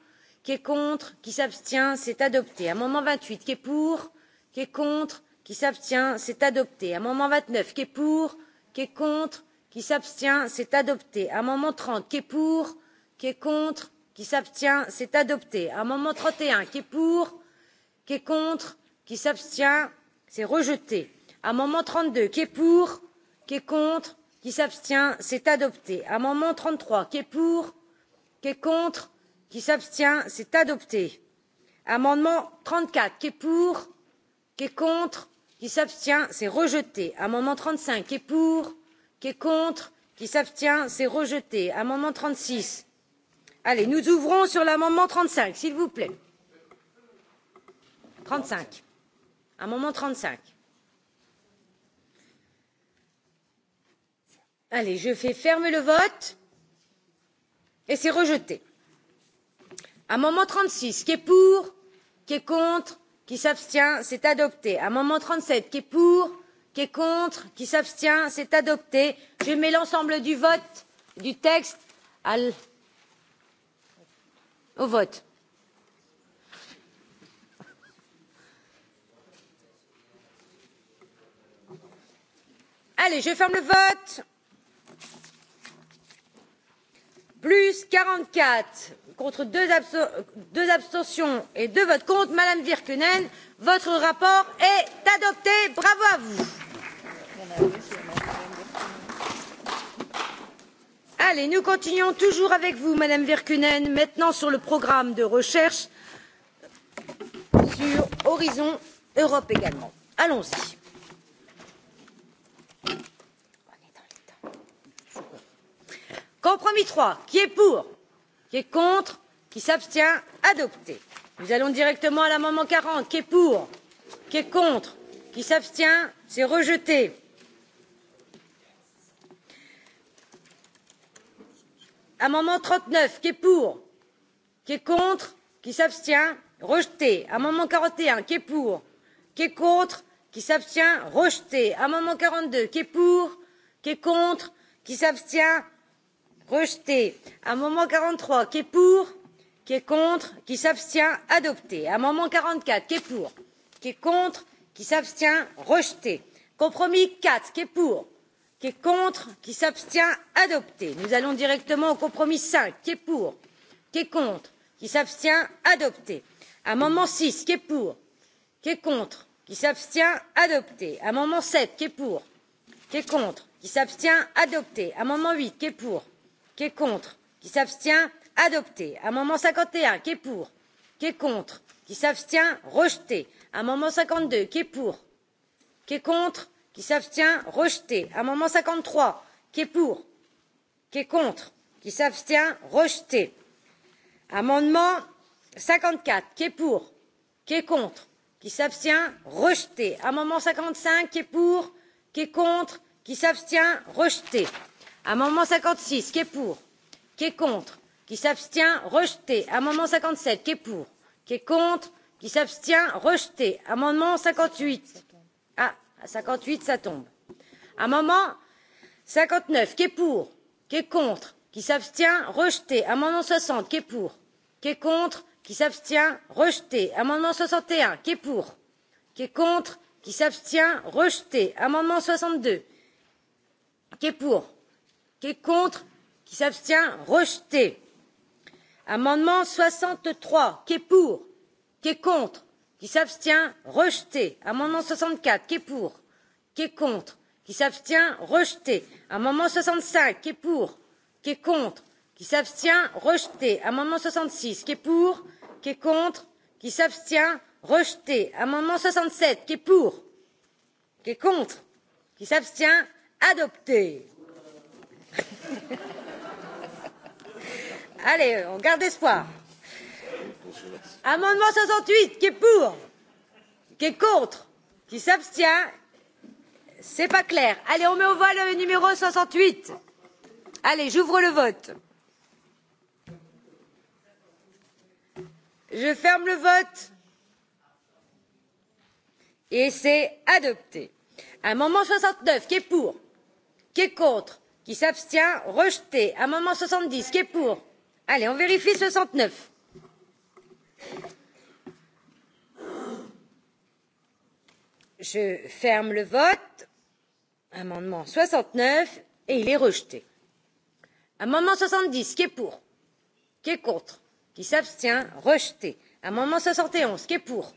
qui est contre qui s'abstient c'est adopté. amendement vingt huit qui est pour qui est contre qui s'abstient c'est adopté. amendement vingt neuf qui est pour qui est contre qui s'abstient c'est adopté. amendement trente qui est pour qui est contre qui s'abstient c'est adopté amendement 31, qui est pour qui est contre qui s'abstient c'est rejeté amendement 32, qui est pour qui est contre qui s'abstient c'est adopté amendement 33, qui est pour qui est contre qui s'abstient c'est adopté amendement 34, qui est pour qui est contre qui s'abstient c'est rejeté amendement 35, qui est pour qui est contre qui s'abstient c'est rejeté amendement 36, Allez, nous ouvrons sur l'amendement 35, s'il vous plaît. 35. Amendement 35. Allez, je fais fermer le vote. Et c'est rejeté. Amendement 36, qui est pour, qui est contre, qui s'abstient, c'est adopté. Amendement 37, qui est pour, qui est contre, qui s'abstient, c'est adopté. Je mets l'ensemble du vote du texte à l Au vote. Allez, je ferme le vote. Plus 44 contre deux, abso deux abstentions et deux votes contre. Madame Virkkunen, votre rapport est adopté. Bravo à vous. Merci. Allez, nous continuons toujours avec vous, Madame virkkunen maintenant sur le programme de recherche sur Horizon Europe également. Allons-y. Compromis trois qui est pour Qui est contre Qui s'abstient Adopté. Nous allons directement à l'amendement quarante qui est pour Qui est contre Qui s'abstient C'est rejeté amendement trente neuf qui est pour qui est contre qui s'abstient rejeté amendement quarante et un qui est pour qui est contre qui s'abstient rejeté amendement quarante deux qui est pour qui est contre qui s'abstient rejeté amendement quarante trois qui est pour qui est contre qui s'abstient adopté amendement quarante quatre qui est pour qui est contre qui s'abstient rejeté compromis quatre qui est pour qui est contre, qui s'abstient, adopté. Nous allons directement au compromis 5, qui est pour, qui est contre, qui s'abstient, adopté. Amendement 6, qui est pour, qui est contre, qui s'abstient, adopté. Amendement 7, qui est pour, qui est contre, qui s'abstient, adopté. Amendement 8, qui est pour, qui est contre, qui s'abstient, adopté. Amendement 51, qui est pour, qui est contre, qui s'abstient, rejeté. Amendement 52, qui est pour, qui est contre, qui s'abstient rejeté amendement cinquante trois qui est pour qui est contre qui s'abstient rejeté amendement cinquante quatre qui est pour qui est contre qui s'abstient rejeté amendement cinquante cinq qui est pour qui est contre qui s'abstient rejeté amendement cinquante six qui est pour qui est contre qui s'abstient rejeté amendement cinquante sept qui est pour qui est contre qui s'abstient rejeté amendement cinquante huit ah à cinquante huit ça tombe À amendement cinquante neuf qui est pour qui est contre qui s'abstient rejeté À un moment, soixante qui est pour qui est contre qui s'abstient rejeté amendement soixante et un qui est pour qui est contre qui s'abstient rejeté À amendement soixante deux qui est pour qui est contre qui s'abstient rejeté amendement soixante trois qui est pour qui est contre qui s'abstient rejeté amendement soixante quatre qui est pour qui est contre qui s'abstient rejeté amendement soixante cinq qui est pour qui est contre qui s'abstient rejeté amendement soixante six qui est pour qui est contre qui s'abstient rejeté amendement soixante sept qui est pour qui est contre qui s'abstient adopté allez on garde espoir. Amendement 68, qui est pour Qui est contre Qui s'abstient C'est pas clair. Allez, on met au vote le numéro 68. Allez, j'ouvre le vote. Je ferme le vote. Et c'est adopté. Amendement 69, qui est pour Qui est contre Qui s'abstient Rejeté. Amendement 70, qui est pour Allez, on vérifie 69 je ferme le vote amendement 69 et il est rejeté. amendement 70, qui est pour qui est contre qui s'abstient rejeté. amendement 71, qui est pour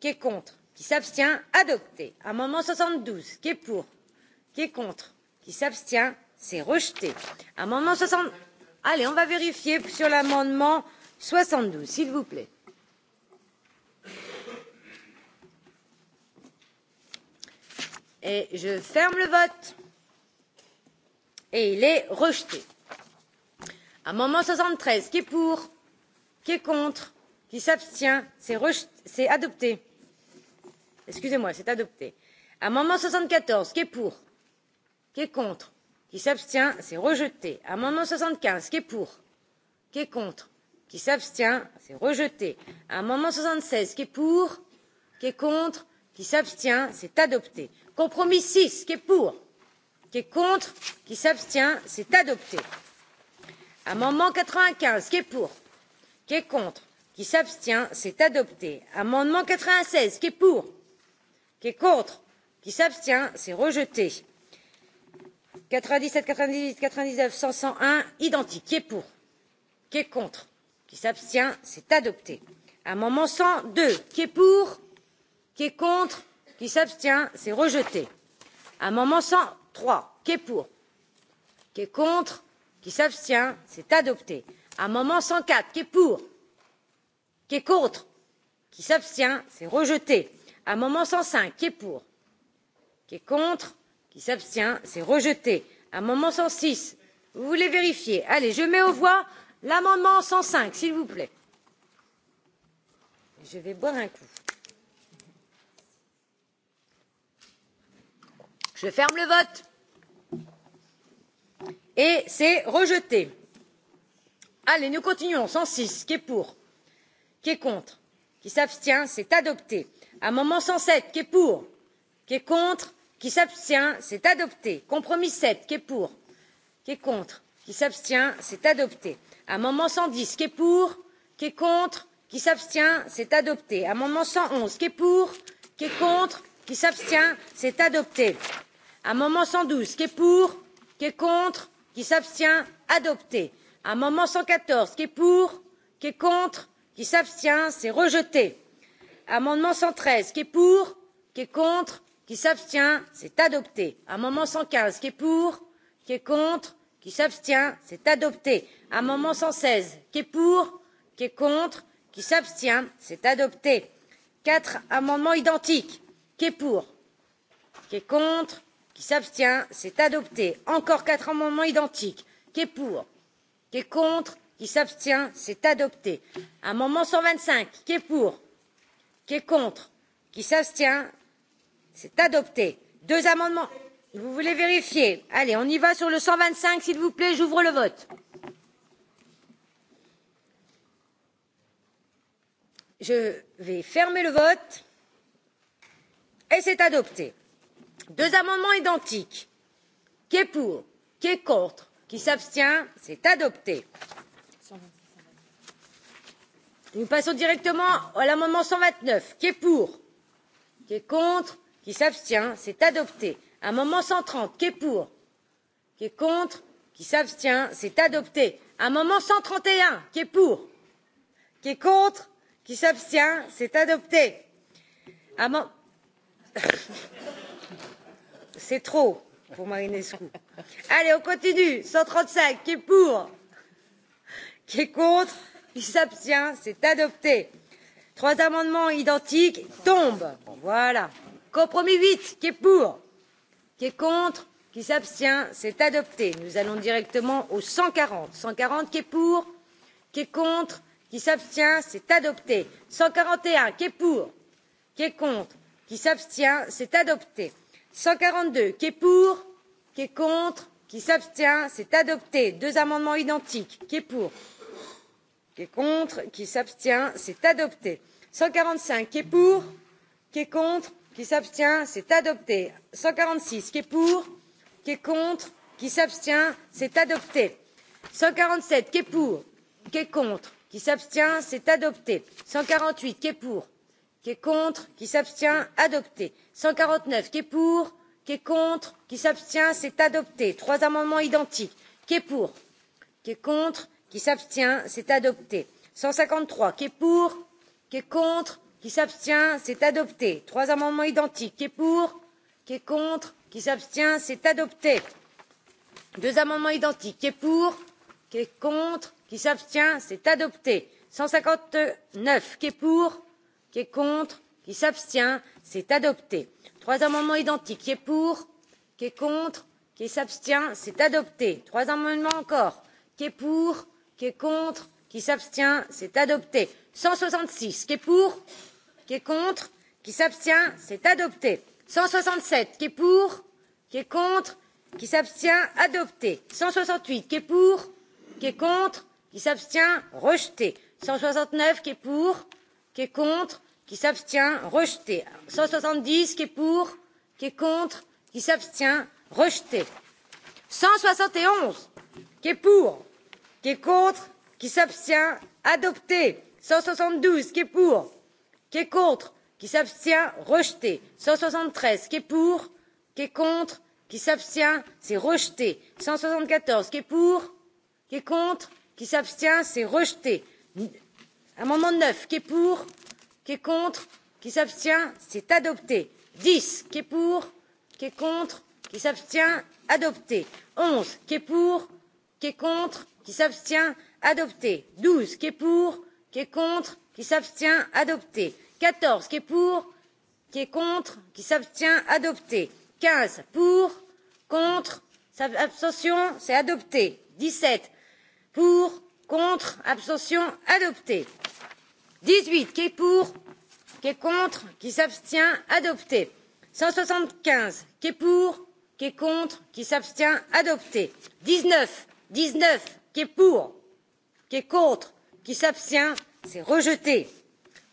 qui est contre qui s'abstient adopté. amendement 72, qui est pour qui est contre qui s'abstient c'est rejeté. amendement soixante allez on va vérifier sur l'amendement soixante douze s'il vous plaît. et je ferme le vote et il est rejeté. amendement soixante treize qui est pour qui est contre qui s'abstient c'est adopté. excusez moi c'est adopté. amendement soixante quatorze qui est pour qui est contre qui s'abstient c'est rejeté. amendement soixante quinze qui est pour qui est contre qui s'abstient c'est rejeté amendement soixante seize qui est pour qui est contre qui s'abstient c'est adopté compromis six qui est pour qui est contre qui s'abstient c'est adopté amendement quatre vingt quinze qui est pour qui est contre qui s'abstient c'est adopté amendement quatre vingt seize qui est pour qui est contre qui s'abstient c'est rejeté quatre vingt dix sept quatre vingt dix huit quatre vingt dix neuf cent cent un identiques qui est pour qui est contre qui s'abstient c'est adopté amendement cent deux qui est pour qui est contre qui s'abstient c'est rejeté amendement cent trois qui est pour qui est contre qui s'abstient c'est adopté amendement cent quatre qui est pour qui est contre qui s'abstient c'est rejeté amendement cent cinq qui est pour qui est contre qui s'abstient c'est rejeté amendement cent six vous voulez vérifier allez je mets aux voix l'amendement cent cinq s'il vous plaît je vais boire un coup je ferme le vote et c'est rejeté. allez nous continuons cent six qui est pour qui est contre qui s'abstient c'est adopté amendement cent sept qui est pour qui est contre qui s'abstient c'est adopté compromis sept qui est pour qui est contre qui s'abstient c'est adopté amendement cent dix qui est pour qui est contre qui s'abstient c'est adopté amendement cent onze qui est pour qui est contre qui s'abstient c'est adopté amendement cent douze qui est pour qui est contre qui s'abstient adopté amendement cent quatorze qui est pour qui est contre qui s'abstient c'est rejeté amendement cent treize qui est pour qui est contre qui s'abstient c'est adopté amendement cent quinze qui est pour qui est contre qui s'abstient c'est adopté amendement cent seize qui est pour qui est contre qui s'abstient c'est adopté quatre amendements identiques qui est pour qui est contre qui s'abstient c'est adopté encore quatre amendements identiques qui est pour qui est contre qui s'abstient c'est adopté amendement cent vingt cinq qui est pour qui est contre qui s'abstient c'est adopté deux amendements Vous voulez vérifier Allez, on y va sur le 125, s'il vous plaît. J'ouvre le vote. Je vais fermer le vote. Et c'est adopté. Deux amendements identiques. Qui est pour Qui est contre Qui s'abstient C'est adopté. Nous passons directement à l'amendement 129. Qui est pour Qui est contre Qui s'abstient C'est adopté amendement cent trente qui est pour qui est contre qui s'abstient c'est adopté amendement cent trente et un qui est pour qui est contre qui s'abstient c'est adopté Amend... c'est trop pour Marinescu. Allez, on continue. 135, qui est pour Qui est contre Qui s'abstient C'est adopté. Trois amendements identiques tombent. Voilà. Compromis 8, qui est pour qui est contre qui s'abstient c'est adopté nous allons directement au cent quarante cent quarante qui est pour qui est contre qui s'abstient c'est adopté cent quarante et un qui est pour qui est contre qui s'abstient c'est adopté cent quarante deux qui est pour qui est contre qui s'abstient c'est adopté deux amendements identiques qui est pour qui est contre qui s'abstient c'est adopté cent quarante cinq qui est pour qui est contre qui s'abstient c'est adopté 146, qui est pour qui est contre qui s'abstient c'est adopté 147, qui est pour qui est contre qui s'abstient c'est adopté 148, qui est pour qui est contre qui s'abstient adopté 149, qui est pour qui est contre qui s'abstient c'est adopté trois amendements identiques qui est pour qui est contre qui s'abstient c'est adopté 153, qui est pour qui est contre qui s'abstient c'est adopté trois amendements identiques qui est pour qui est contre qui s'abstient c'est adopté deux amendements identiques qui est pour qui est contre qui s'abstient c'est adopté cent cinquante neuf qui est pour qui est contre qui s'abstient c'est adopté trois amendements identiques qui est pour qui est contre qui s'abstient c'est adopté trois amendements encore qui est pour qui est contre qui s'abstient c'est adopté cent soixante six qui est pour qui est contre, qui s'abstient, c'est adopté. 167 qui est pour, qui est contre, qui s'abstient, adopté. 168 qui est pour, qui est contre, qui s'abstient, rejeté. 169 qui est pour, qui est contre, qui s'abstient, rejeté. 170 qui est pour, qui est contre, qui s'abstient, rejeté. 171 qui est pour, qui est contre, qui s'abstient, adopté. 172 qui est pour, qui est contre qui s'abstient rejeté cent soixante treize qui est pour qui est contre qui s'abstient c'est rejeté cent soixante quatorze qui est pour qui est contre qui s'abstient c'est rejeté amendement neuf qui est pour qui est contre qui s'abstient c'est adopté dix qui est pour qui est contre qui s'abstient adopté onze qui est pour qui est contre qui s'abstient adopté douze qui est pour qui est contre qui s'abstient adopté quatorze qui est pour qui est contre qui s'abstient adopté quinze pour contre abstention c'est adopté dix sept pour contre abstention adopté dix huit qui est pour qui est contre qui s'abstient adopté cent soixante quinze qui est pour qui est contre qui s'abstient adopté dix neuf dix neuf qui est pour qui est contre qui s'abstient c'est rejeté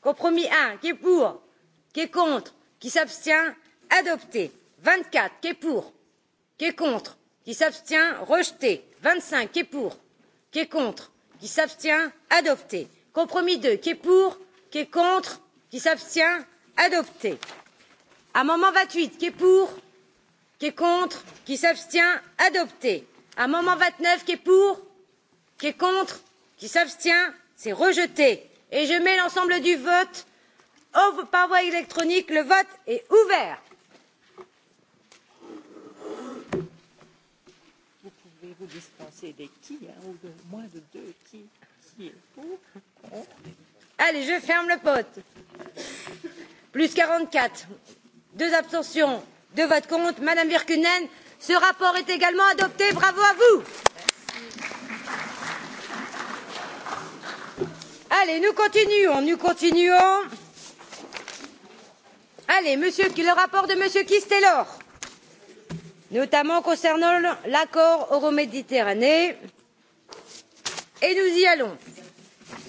compromis un qui est pour qui est contre qui s'abstient adopté vingt quatre qui est pour qui est contre qui s'abstient rejeté vingt cinq qui est pour qui est contre qui s'abstient adopté compromis deux qui est pour qui est contre qui s'abstient adopté amendement vingt huit qui est pour qui est contre qui s'abstient adopté amendement vingt neuf qui est pour qui est contre qui s'abstient c'est rejeté et je mets l'ensemble du vote aux, par voie électronique. le vote est ouvert. vous pouvez vous dispenser des qui hein, ou de moins de deux qui, qui est pour allez je ferme le vote. plus quarante quatre deux abstentions deux votes contre. madame virkkunen ce rapport est également adopté. bravo à vous! Allez, nous continuons, nous continuons. Allez, monsieur, le rapport de Monsieur Kistelor, notamment concernant l'accord euro-méditerranée. Et nous y allons.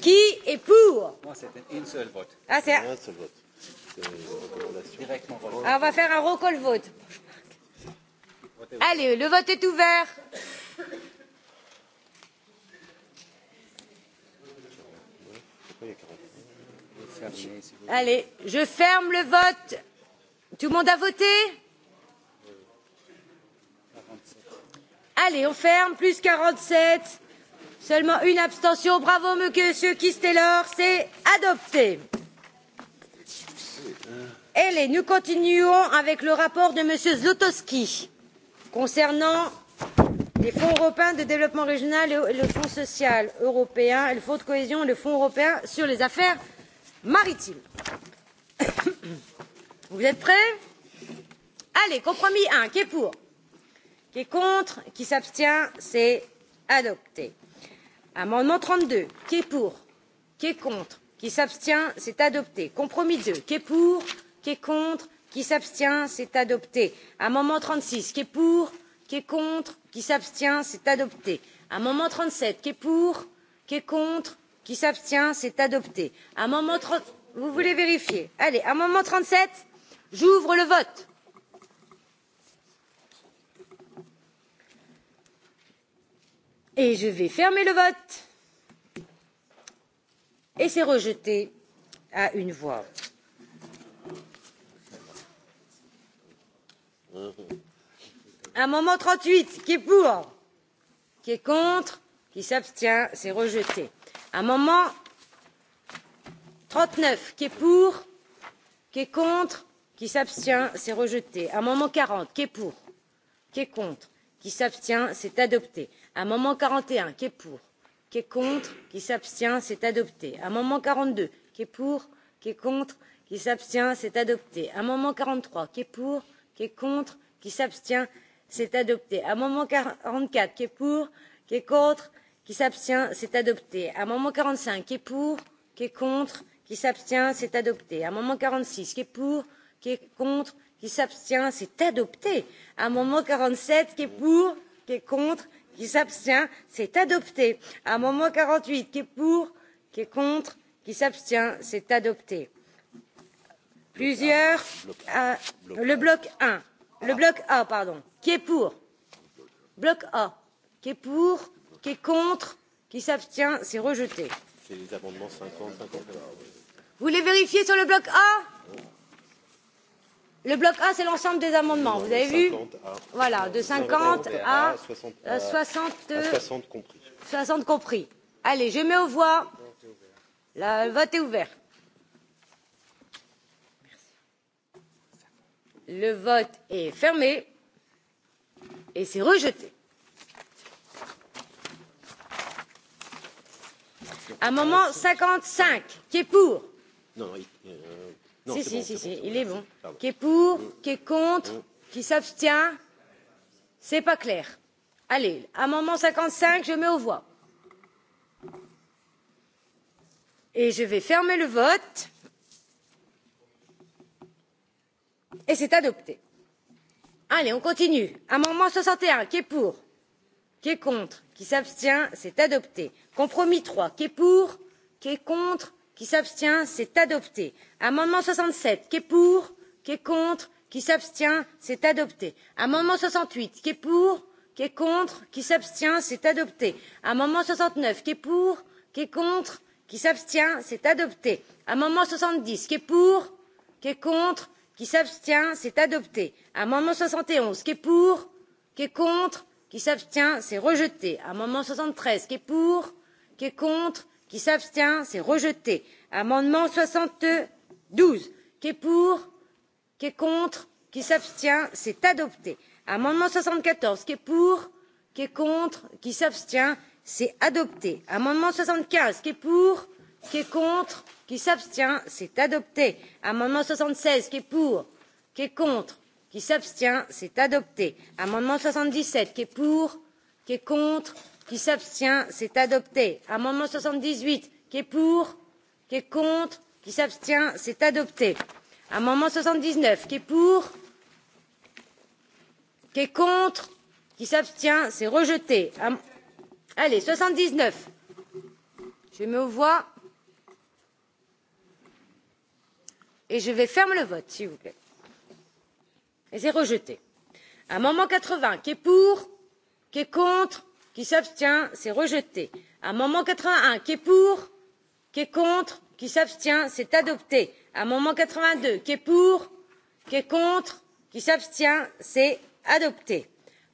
Qui est pour Moi, c'est une seule vote. Ah, c'est un seul vote. Directement Alors, ah, on va faire un roll call vote. Allez, le vote est ouvert. Allez, je ferme le vote. Tout le monde a voté Allez, on ferme, plus 47. Seulement une abstention. Bravo, monsieur Kistelor, c'est adopté. Allez, nous continuons avec le rapport de monsieur Zlotowski concernant les fonds européens de développement régional et le fonds social européen, le fonds de cohésion et le fonds européen sur les affaires maritime. vous êtes prêts? allez compromis un qui est pour qui est contre qui s'abstient c'est adopté. amendement trente deux qui est pour qui est contre qui s'abstient c'est adopté. compromis deux qui est pour qui est contre qui s'abstient c'est adopté. amendement trente six qui est pour qui est contre qui s'abstient c'est adopté. amendement trente sept qui est pour qui est contre qui s'abstient c'est adopté amendement trente vous voulez vérifier allez amendement trente sept j'ouvre le vote et je vais fermer le vote et c'est rejeté à une voix. Amendement huit qui est pour Qui est contre Qui s'abstient C'est rejeté amendement trente neuf qui est pour qui est contre qui s'abstient c'est rejeté amendement quarante qui est pour qui est contre qui s'abstient c'est adopté amendement quarante et un qui est pour qui est contre qui s'abstient c'est adopté amendement quarante deux qui est pour qui est contre qui s'abstient c'est adopté amendement quarante trois qui est pour qui est contre qui s'abstient c'est adopté amendement quarante quatre qui est pour qui est contre qui s'abstient, c'est adopté. Amendement 45, qui est pour, qui est contre, qui s'abstient, c'est adopté. Amendement 46, qui est pour, qui est contre, qui s'abstient, c'est adopté. Amendement 47, qui est pour, qui est contre, qui s'abstient, c'est adopté. Amendement 48, qui est pour, qui est contre, qui s'abstient, c'est adopté. Plusieurs. Euh, le bloc 1. Le bloc A, pardon. Qui est pour Bloc A. Qui est pour Qui est contre Qui s'abstient C'est rejeté. C'est les amendements 50, 51. Vous voulez vérifier sur le bloc A Le bloc A, c'est l'ensemble des amendements. Vous avez vu Voilà, de 50 à 60, 60 euh, euh, compris. 60 compris. Allez, je mets aux voix. Le vote est ouvert. Le vote est fermé et c'est rejeté. Amendement cinquante cinq qui est pour Non, il, euh, non si, si, bon, si, si, bon, il est bon. Pardon. Qui est pour mm. Qui est contre mm. Qui s'abstient C'est pas clair. Allez, amendement cinquante cinq je mets aux voix. Et je vais fermer le vote. Et c'est adopté. Allez, on continue. Amendement soixante et un qui est pour qui est contre qui s'abstient c'est adopté compromis trois qui est pour qui est contre qui s'abstient c'est adopté amendement soixante sept qui est pour qui est contre qui s'abstient c'est adopté amendement soixante huit qui est pour qui est contre qui s'abstient c'est adopté amendement soixante neuf qui est pour qui est contre qui s'abstient c'est adopté amendement soixante dix qui est pour qui est contre qui s'abstient c'est adopté amendement soixante et onze qui est pour qui est contre qui s'abstient c'est rejeté amendement soixante treize qui est pour qui est contre qui s'abstient c'est rejeté amendement soixante douze qui est pour qui est contre qui s'abstient c'est adopté amendement soixante quatorze qui est pour qui est contre qui s'abstient c'est adopté amendement soixante quinze qui est pour qui est contre qui s'abstient c'est adopté amendement soixante seize qui est pour qui est contre qui s'abstient c'est adopté amendement soixante dix sept qui est pour qui est contre qui s'abstient c'est adopté amendement soixante dix huit qui est pour qui est contre qui s'abstient c'est adopté amendement soixante dix neuf qui est pour qui est contre qui s'abstient c'est rejeté Am allez soixante dix neuf je mets aux voix et je vais fermer le vote s'il vous plaît et c'est rejeté. Amendement 80, qui est pour, qui est contre, qui s'abstient, c'est rejeté. Amendement 81, qui est pour, qui est contre, qui s'abstient, c'est adopté. Amendement 82, qui est pour, qui est contre, qui s'abstient, c'est adopté.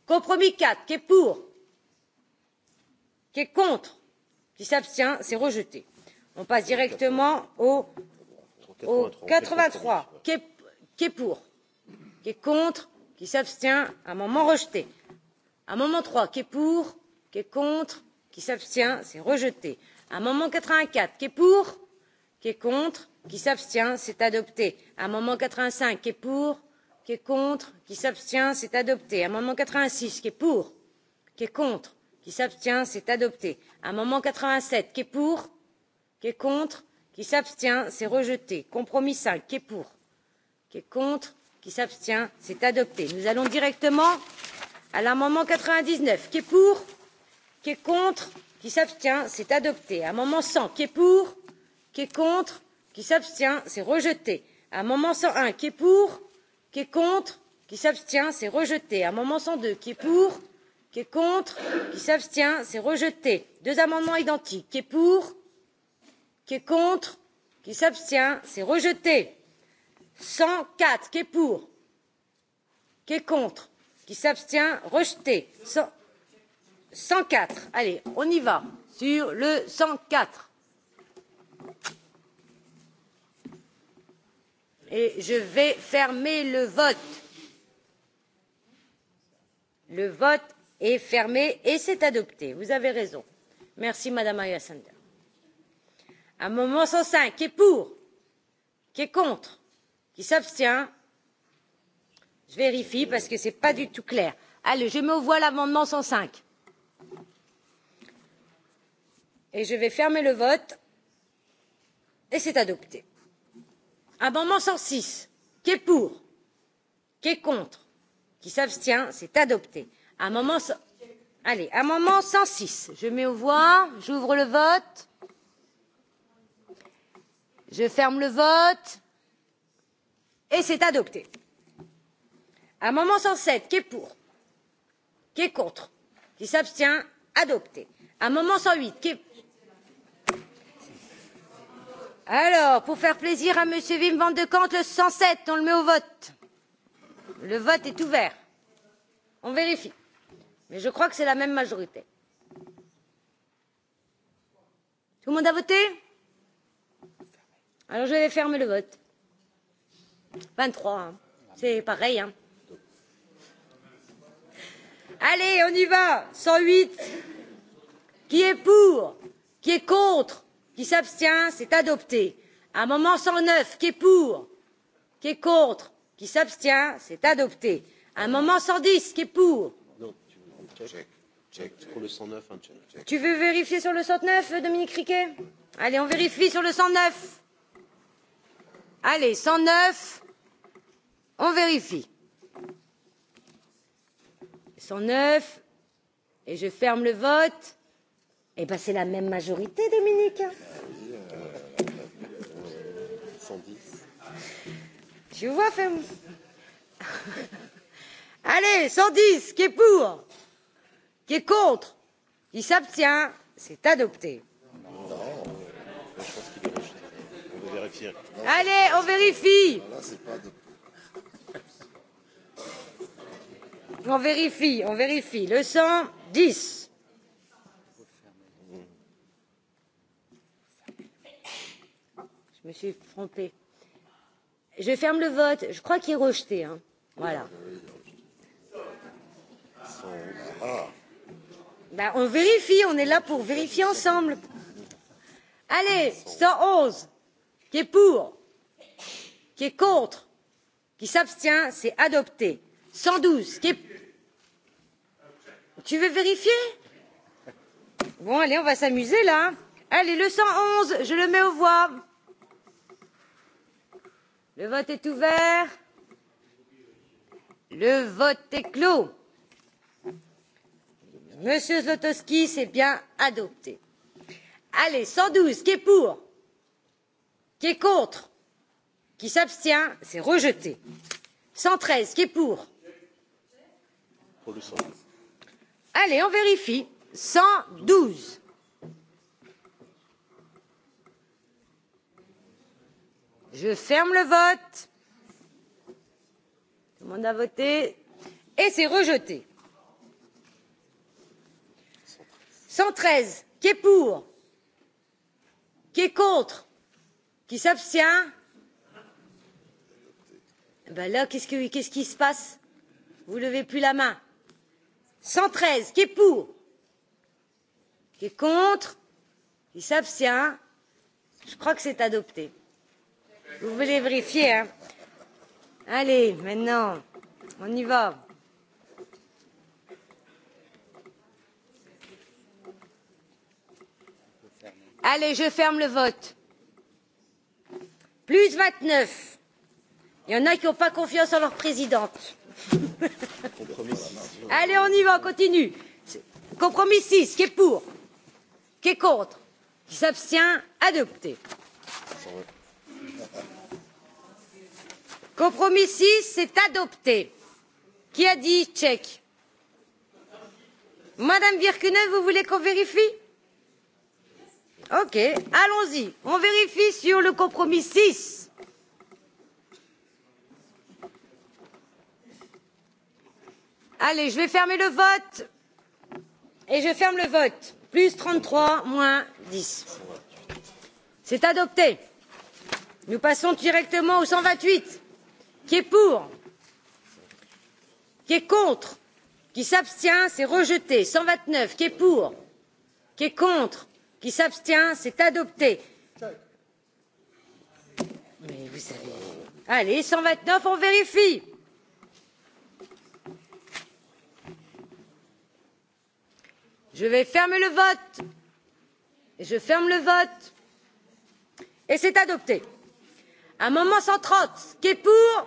Compromis 4, qui est pour, qui est contre, qui s'abstient, c'est rejeté. On passe directement au, au 83, qui est, qui est pour, qui est contre, qui s'abstient, amendement rejeté. Amendement 3, qui est pour, qui est contre, qui s'abstient, c'est rejeté. Amendement 84, qui est pour, qui est contre, qui s'abstient, c'est adopté. Amendement 85, qui est pour, qui est contre, qui s'abstient, c'est adopté. Amendement 86, qui est pour, qui est contre, qui s'abstient, c'est adopté. Amendement 87, qui est pour, qui est contre, qui s'abstient, c'est rejeté. Compromis 5, qui est pour, qui est contre, qui s'abstient c'est adopté. nous allons directement à l'amendement quatre vingt dix neuf qui est pour qui est contre qui s'abstient c'est adopté. amendement cent qui est pour qui est contre qui s'abstient c'est rejeté. amendement cent un qui est pour qui est contre qui s'abstient c'est rejeté. amendement cent deux qui est pour qui est contre qui s'abstient c'est rejeté. deux amendements identiques qui est pour qui est contre qui s'abstient c'est rejeté cent quatre qui est pour qui est contre qui s'abstient rejeté cent quatre allez on y va sur le cent quatre et je vais fermer le vote le vote est fermé et c'est adopté vous avez raison merci madame ayala sender amendement cent cinq qui est pour qui est contre qui s'abstient je vérifie parce que ce n'est pas du tout clair. allez je mets aux voix l'amendement cent cinq et je vais fermer le vote et c'est adopté. amendement cent six qui est pour qui est contre qui s'abstient c'est adopté. amendement allez amendement cent six je mets aux voix j'ouvre le vote je ferme le vote et c'est adopté. Amendement cent sept qui est pour Qui est contre Qui s'abstient Adopté. Amendement cent huit qui est... Alors, pour faire plaisir à m. Wim van de camp le cent sept on le met au vote. Le vote est ouvert. On vérifie. Mais je crois que c'est la même majorité. Tout le monde a voté Alors je vais fermer le vote. 23, hein. c'est pareil. Hein. Allez, on y va 108 Qui est pour Qui est contre Qui s'abstient C'est adopté. Un moment 109, qui est pour Qui est contre Qui s'abstient C'est adopté. Un moment 110, qui est pour Non, tu veux check. Check. Pour le 109, check. check. Tu veux vérifier sur le 109, Dominique Riquet Allez, on vérifie sur le 109 allez cent neuf on vérifie cent neuf et je ferme le vote eh bien c'est la même majorité dominique je vois ferme allez cent dix qui est pour qui est contre qui s'abstient c'est adopté. matière. Allez, on vérifie. On vérifie, on vérifie. Le 110. Je me suis trompée. Je ferme le vote. Je crois qu'il est rejeté. Hein. Voilà. Ben, on vérifie, on est là pour vérifier ensemble. Allez, 111 qui est pour qui est contre qui s'abstient c'est adopté cent douze qui est tu veux vérifier bon allez on va s'amuser là allez le cent onze je le mets aux voix le vote est ouvert le vote est clos monsieur zlotowski c'est bien adopté allez cent douze qui est pour qui est contre qui s'abstient c'est rejeté cent treize qui est pour allez on vérifie cent douze je ferme le vote tout le monde a voté et c'est rejeté cent treize qui est pour qui est contre Qui s'abstient eh Ben là, qu'est-ce, qui, qu qui se passe Vous levez plus la main. 113, qui est pour Qui est contre Qui s'abstient Je crois que c'est adopté. Vous voulez vérifier, hein Allez, maintenant, on y va. Allez, je ferme le vote plus vingt neuf il y en a qui n'ont pas confiance en leur présidente. allez on y va on continue compromis six qui est pour qui est contre qui s'abstient adopté compromis six c'est adopté qui a dit tchèque madame virkkunen vous voulez qu'on vérifie? Ok, allons-y. On vérifie sur le compromis 6. Allez, je vais fermer le vote. Et je ferme le vote. Plus 33, moins 10. C'est adopté. Nous passons directement au 128. Qui est pour Qui est contre Qui s'abstient C'est rejeté. 129. Qui est pour Qui est contre qui s'abstient c'est adopté mais vous avez allez cent vingt neuf on vérifie je vais fermer le vote et je ferme le vote et c'est adopté amendement cent trente qui est pour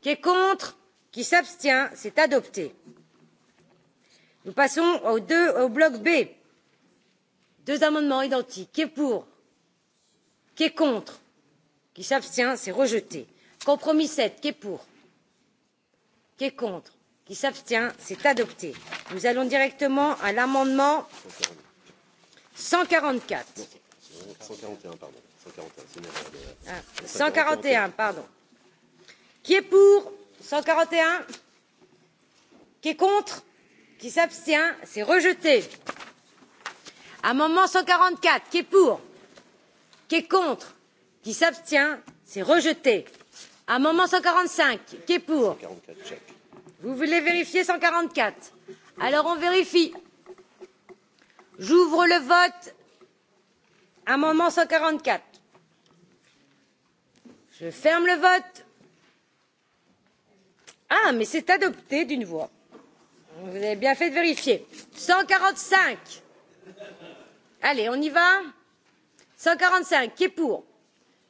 qui est contre qui s'abstient c'est adopté nous passons au deux au bloc b deux amendements identiques qui est pour qui est contre qui s'abstient c'est rejeté compromis sept qui est pour qui est contre qui s'abstient c'est adopté nous allons directement à l'amendement cent quarante quatre cent quarante et un pardon qui est pour cent quarante et un qui est contre qui s'abstient c'est rejeté amendement cent quarante quatre qui est pour qui est contre qui s'abstient c'est rejeté amendement cent quarante cinq qui est pour vous voulez vérifier cent quarante quatre alors on vérifie j'ouvre le vote amendement cent quarante quatre je ferme le vote ah mais c'est adopté d'une voix vous avez bien fait de vérifier cent quarante cinq allez on y va cent quarante cinq qui est pour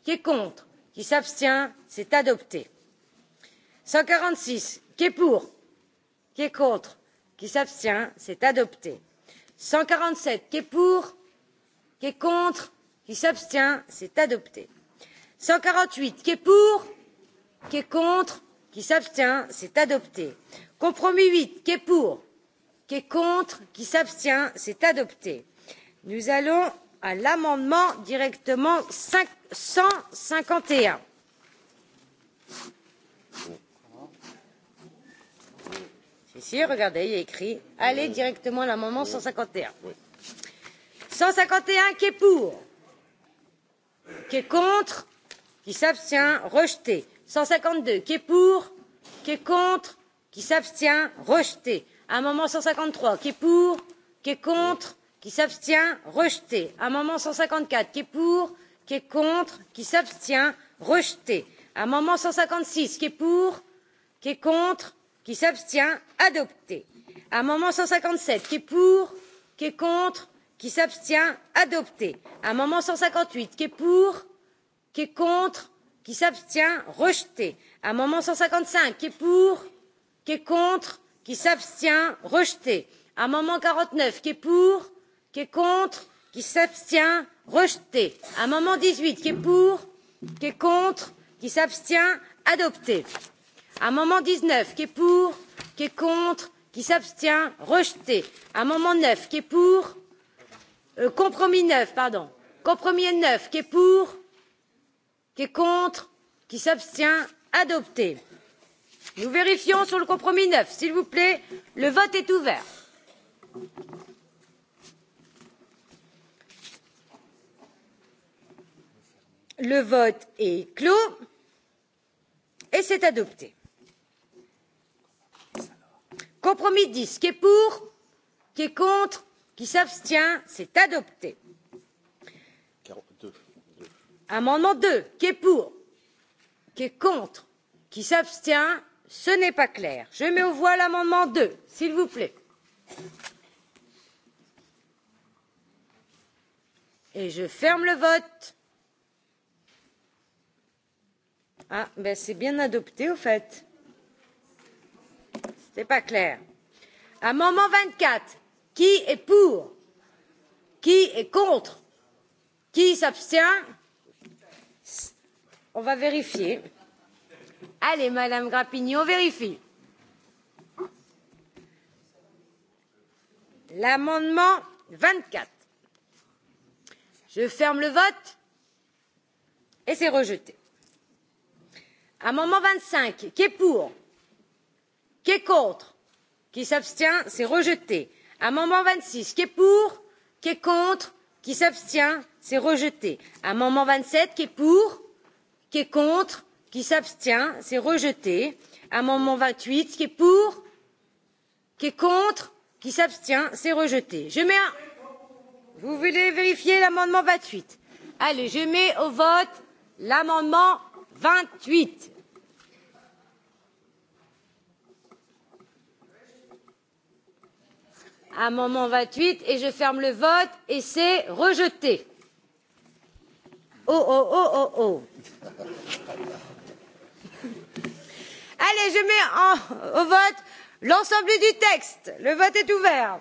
qui est contre qui s'abstient c'est adopté cent quarante six qui est pour qui est contre qui s'abstient c'est adopté cent quarante sept qui est pour qui est contre qui s'abstient c'est adopté cent quarante huit qui est pour qui est contre qui s'abstient c'est adopté compromis huit qui est pour qui est contre qui s'abstient c'est adopté nous allons à l'amendement directement cent cinquante et un si si regardez il y a écrit allez directement à l'amendement cent cinquante et un cent cinquante et un qui est pour qui est contre qui s'abstient rejeté cent cinquante deux qui est pour qui est contre qui s'abstient rejeté amendement cent cinquante trois qui est pour qui est contre qui s'abstient rejeté amendement cent cinquante quatre qui est pour qui est contre qui s'abstient rejeté amendement cent cinquante six qui est pour qui est contre qui s'abstient adopté amendement cent cinquante sept qui est pour qui est contre qui s'abstient adopté amendement cent cinquante huit qui est pour qui est contre qui s'abstient rejeté amendement cent cinquante cinq qui est pour qui est contre qui s'abstient rejeté amendement quarante neuf qui est pour qui est contre qui s'abstient rejeté amendement dix huit qui est pour qui est contre qui s'abstient adopté amendement dix neuf qui est pour qui est contre qui s'abstient rejeté amendement neuf qui est pour euh, compromis neuf pardon compromis neuf qui est pour qui est contre qui s'abstient adopté nous vérifions sur le compromis neuf s'il vous plaît le vote est ouvert. le vote est clos et c'est adopté. compromis dix qui est pour qui est contre qui s'abstient c'est adopté. amendement deux qui est pour qui est contre qui s'abstient ce n'est pas clair. je mets aux voix l'amendement deux s'il vous plaît. et je ferme le vote Ah, ben c'est bien adopté au fait. C'était pas clair. Amendement 24. Qui est pour Qui est contre Qui s'abstient On va vérifier. Allez, Madame Grappigny, on vérifie. L'amendement 24. Je ferme le vote et c'est rejeté amendement vingt cinq qui est pour qui est contre qui s'abstient c'est rejeté amendement vingt six qui est pour qui est contre qui s'abstient c'est rejeté amendement vingt sept qui est pour qui est contre qui s'abstient c'est rejeté amendement vingt huit qui est pour qui est contre qui s'abstient c'est rejeté je mets un vous voulez vérifier l'amendement vingt huit allez je mets au vote l'amendement vingt huit amendement vingt huit et je ferme le vote et c'est rejeté. oh oh oh oh oh allez je mets en, au vote l'ensemble du texte le vote est ouvert.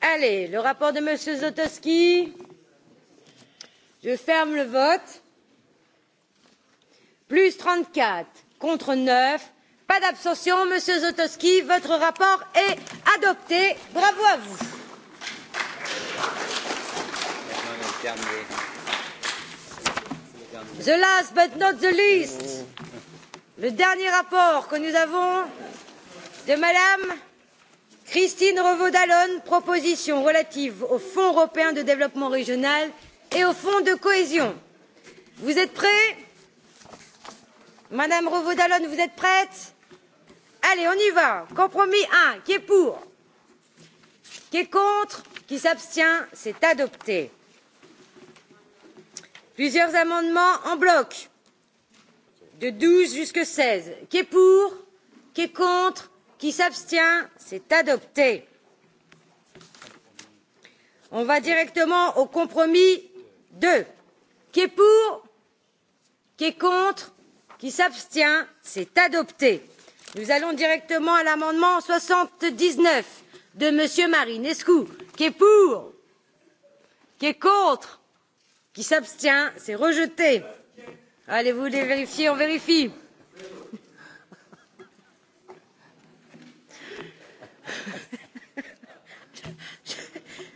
allez le rapport de m. zdrojewski je ferme le vote plus trente quatre contre neuf pas d'abstention m. zdrojewski votre rapport est adopté bravo à vous. the last but not the least le dernier rapport que nous avons de mme Christine Revaud Dallon, proposition relative au Fonds européen de développement régional et au Fonds de cohésion. Vous êtes prêts Madame Revaud Dallon, vous êtes prête Allez, on y va. Compromis 1, qui est pour Qui est contre Qui s'abstient C'est adopté. Plusieurs amendements en bloc, de 12 jusqu'à 16. Qui est pour Qui est contre Qui s'abstient C'est adopté. On va directement au compromis 2. Qui est pour Qui est contre Qui s'abstient C'est adopté. Nous allons directement à l'amendement 79 de M. Marinescu. Qui est pour Qui est contre Qui s'abstient C'est rejeté. Allez-vous les vérifier On vérifie.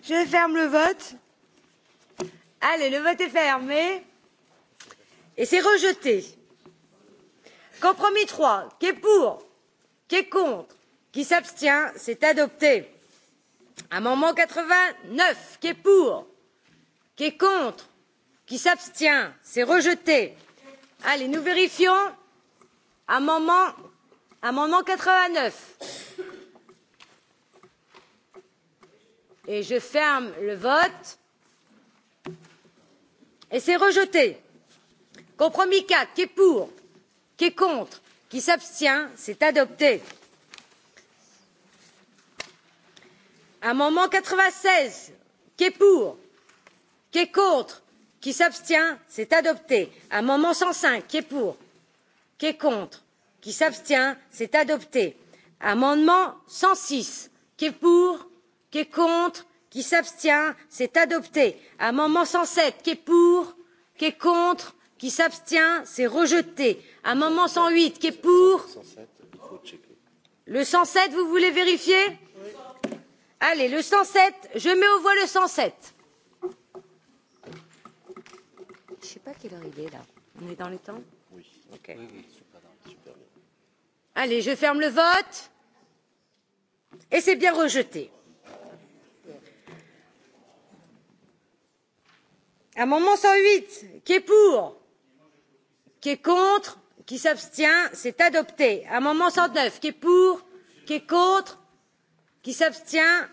Je ferme le vote. Allez, le vote est fermé. Et c'est rejeté. Compromis 3, qui est pour, qui est contre, qui s'abstient, c'est adopté. Amendement 89, qui est pour, qui est contre, qui s'abstient, c'est rejeté. Allez, nous vérifions. Amendement, amendement 89. Et je ferme le vote. Et c'est rejeté. Compromis 4, qui est pour, qui est contre, qui s'abstient, c'est adopté. Amendement 96, qui est pour, qui est contre, qui s'abstient, c'est adopté. Amendement 105, qui est pour, qui est contre, qui s'abstient, c'est adopté. Amendement 106, qui est pour, qui est contre qui s'abstient c'est adopté amendement cent sept qui est pour qui est contre qui s'abstient c'est rejeté amendement cent huit qui est pour le cent sept vous voulez vérifier allez le cent sept je mets aux voix le cent sept je sais pas quelle heure il est là on est dans les temps oui ok allez je ferme le vote et c'est bien rejeté. amendement cent huit qui est pour qui est contre qui s'abstient c'est adopté amendement cent neuf qui est pour qui est contre qui s'abstient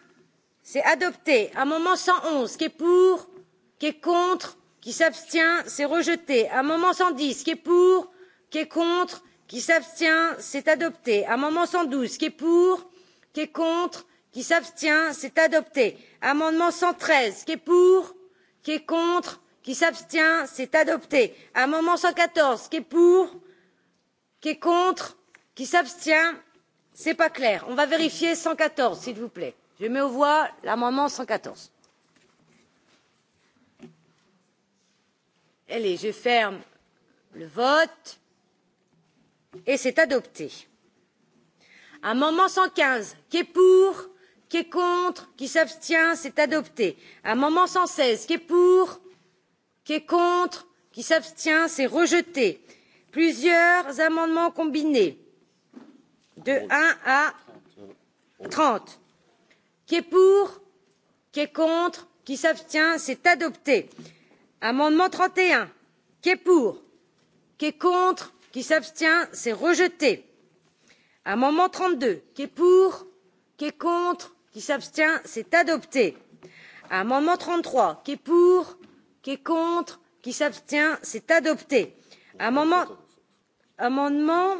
c'est adopté amendement cent onze qui est pour qui est contre qui s'abstient c'est rejeté amendement cent dix qui est pour qui est contre qui s'abstient c'est adopté amendement cent douze qui est pour qui est contre qui s'abstient c'est adopté amendement cent treize qui est pour qui est contre, qui s'abstient, c'est adopté. Amendement cent quatorze qui est pour, qui est contre, qui s'abstient, c'est pas clair. On va vérifier cent quatorze s'il vous plaît. Je mets aux voix l'amendement cent quatorze Allez, je ferme le vote et c'est adopté. Amendement cent quinze, qui est pour, qui est contre, qui s'abstient, c'est adopté. Amendement 116, qui est pour, qui est contre, qui s'abstient, c'est rejeté. Plusieurs amendements combinés de 1 à 30. Qui est pour, qui est contre, qui s'abstient, c'est adopté. Amendement 31, qui est pour, qui est contre, qui s'abstient, c'est rejeté. Amendement 32, qui est pour, qui est contre, qui s'abstient c'est adopté amendement 33, qui est pour qui est contre qui s'abstient c'est adopté amendement amendement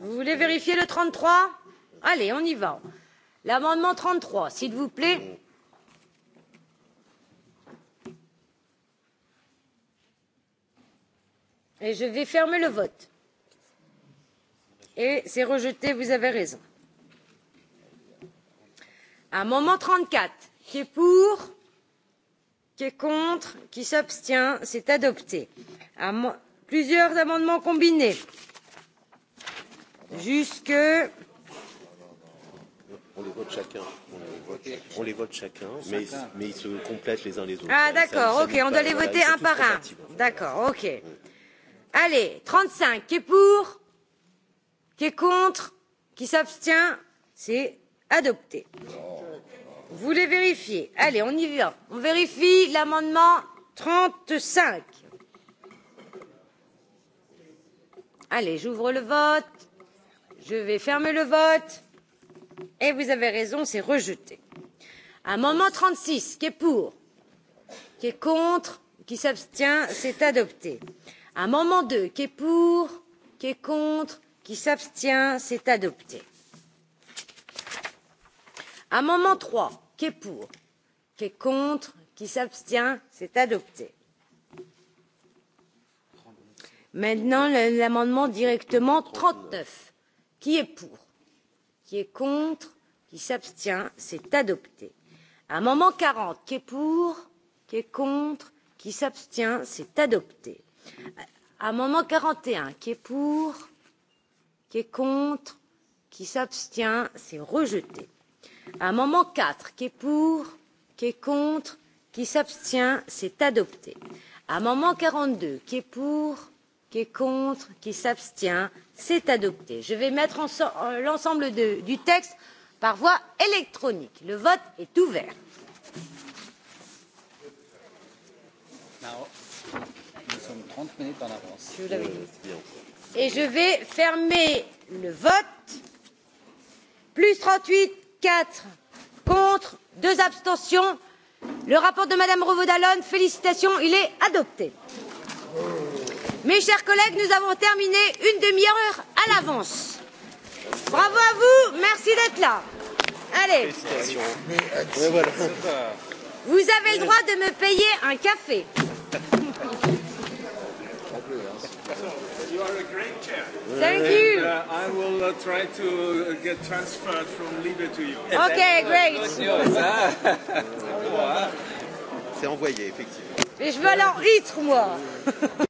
vous voulez vérifier le 33 allez on y va l'amendement 33, s'il vous plaît et je vais fermer le vote. Et c'est rejeté, vous avez raison. Amendement 34, qui est pour, qui est contre, qui s'abstient, c'est adopté. Am plusieurs amendements combinés jusque. On les vote chacun. On les vote on les vote chacun, mais, mais ils se complètent les uns les autres. Ah d'accord, ok, on doit les voter un par un. D'accord, ok. Oui allez trente cinq qui est pour qui est contre qui s'abstient c'est adopté. vous voulez vérifier allez on y va on vérifie l'amendement trente cinq allez j'ouvre le vote je vais fermer le vote et vous avez raison c'est rejeté. amendement trente six qui est pour qui est contre qui s'abstient c'est adopté un moment 2, qui est pour, qui est contre, qui s'abstient, c'est adopté. moment trois qui est pour, qui est contre, qui s'abstient, c'est adopté. Maintenant, l'amendement directement trente neuf Qui est pour Qui est contre Qui s'abstient C'est adopté. moment quarante Qui est pour Qui est contre Qui s'abstient C'est adopté. Amendement 41, qui est pour, qui est contre, qui s'abstient, c'est rejeté. Amendement 4, qui est pour, qui est contre, qui s'abstient, c'est adopté. Amendement 42, qui est pour, qui est contre, qui s'abstient, c'est adopté. Je vais mettre euh, l'ensemble du texte par voie électronique. Le vote est ouvert. Now. 30 minutes en avance. Je vous l'avais Et je vais fermer le vote. Plus 38, 4 contre, 2 abstentions. Le rapport de Madame Revaud-Dallon, félicitations, il est adopté. Mes chers collègues, nous avons terminé une demi-heure à l'avance. Bravo à vous, merci d'être là. Allez. Vous avez le droit de me payer un café. So, You are a great chair. Thank and, you. Uh, I will uh, try to uh, get transferred from Libya to you. Okay, great. C'est envoyé, effectivement. Mais je veux aller en rythme, moi.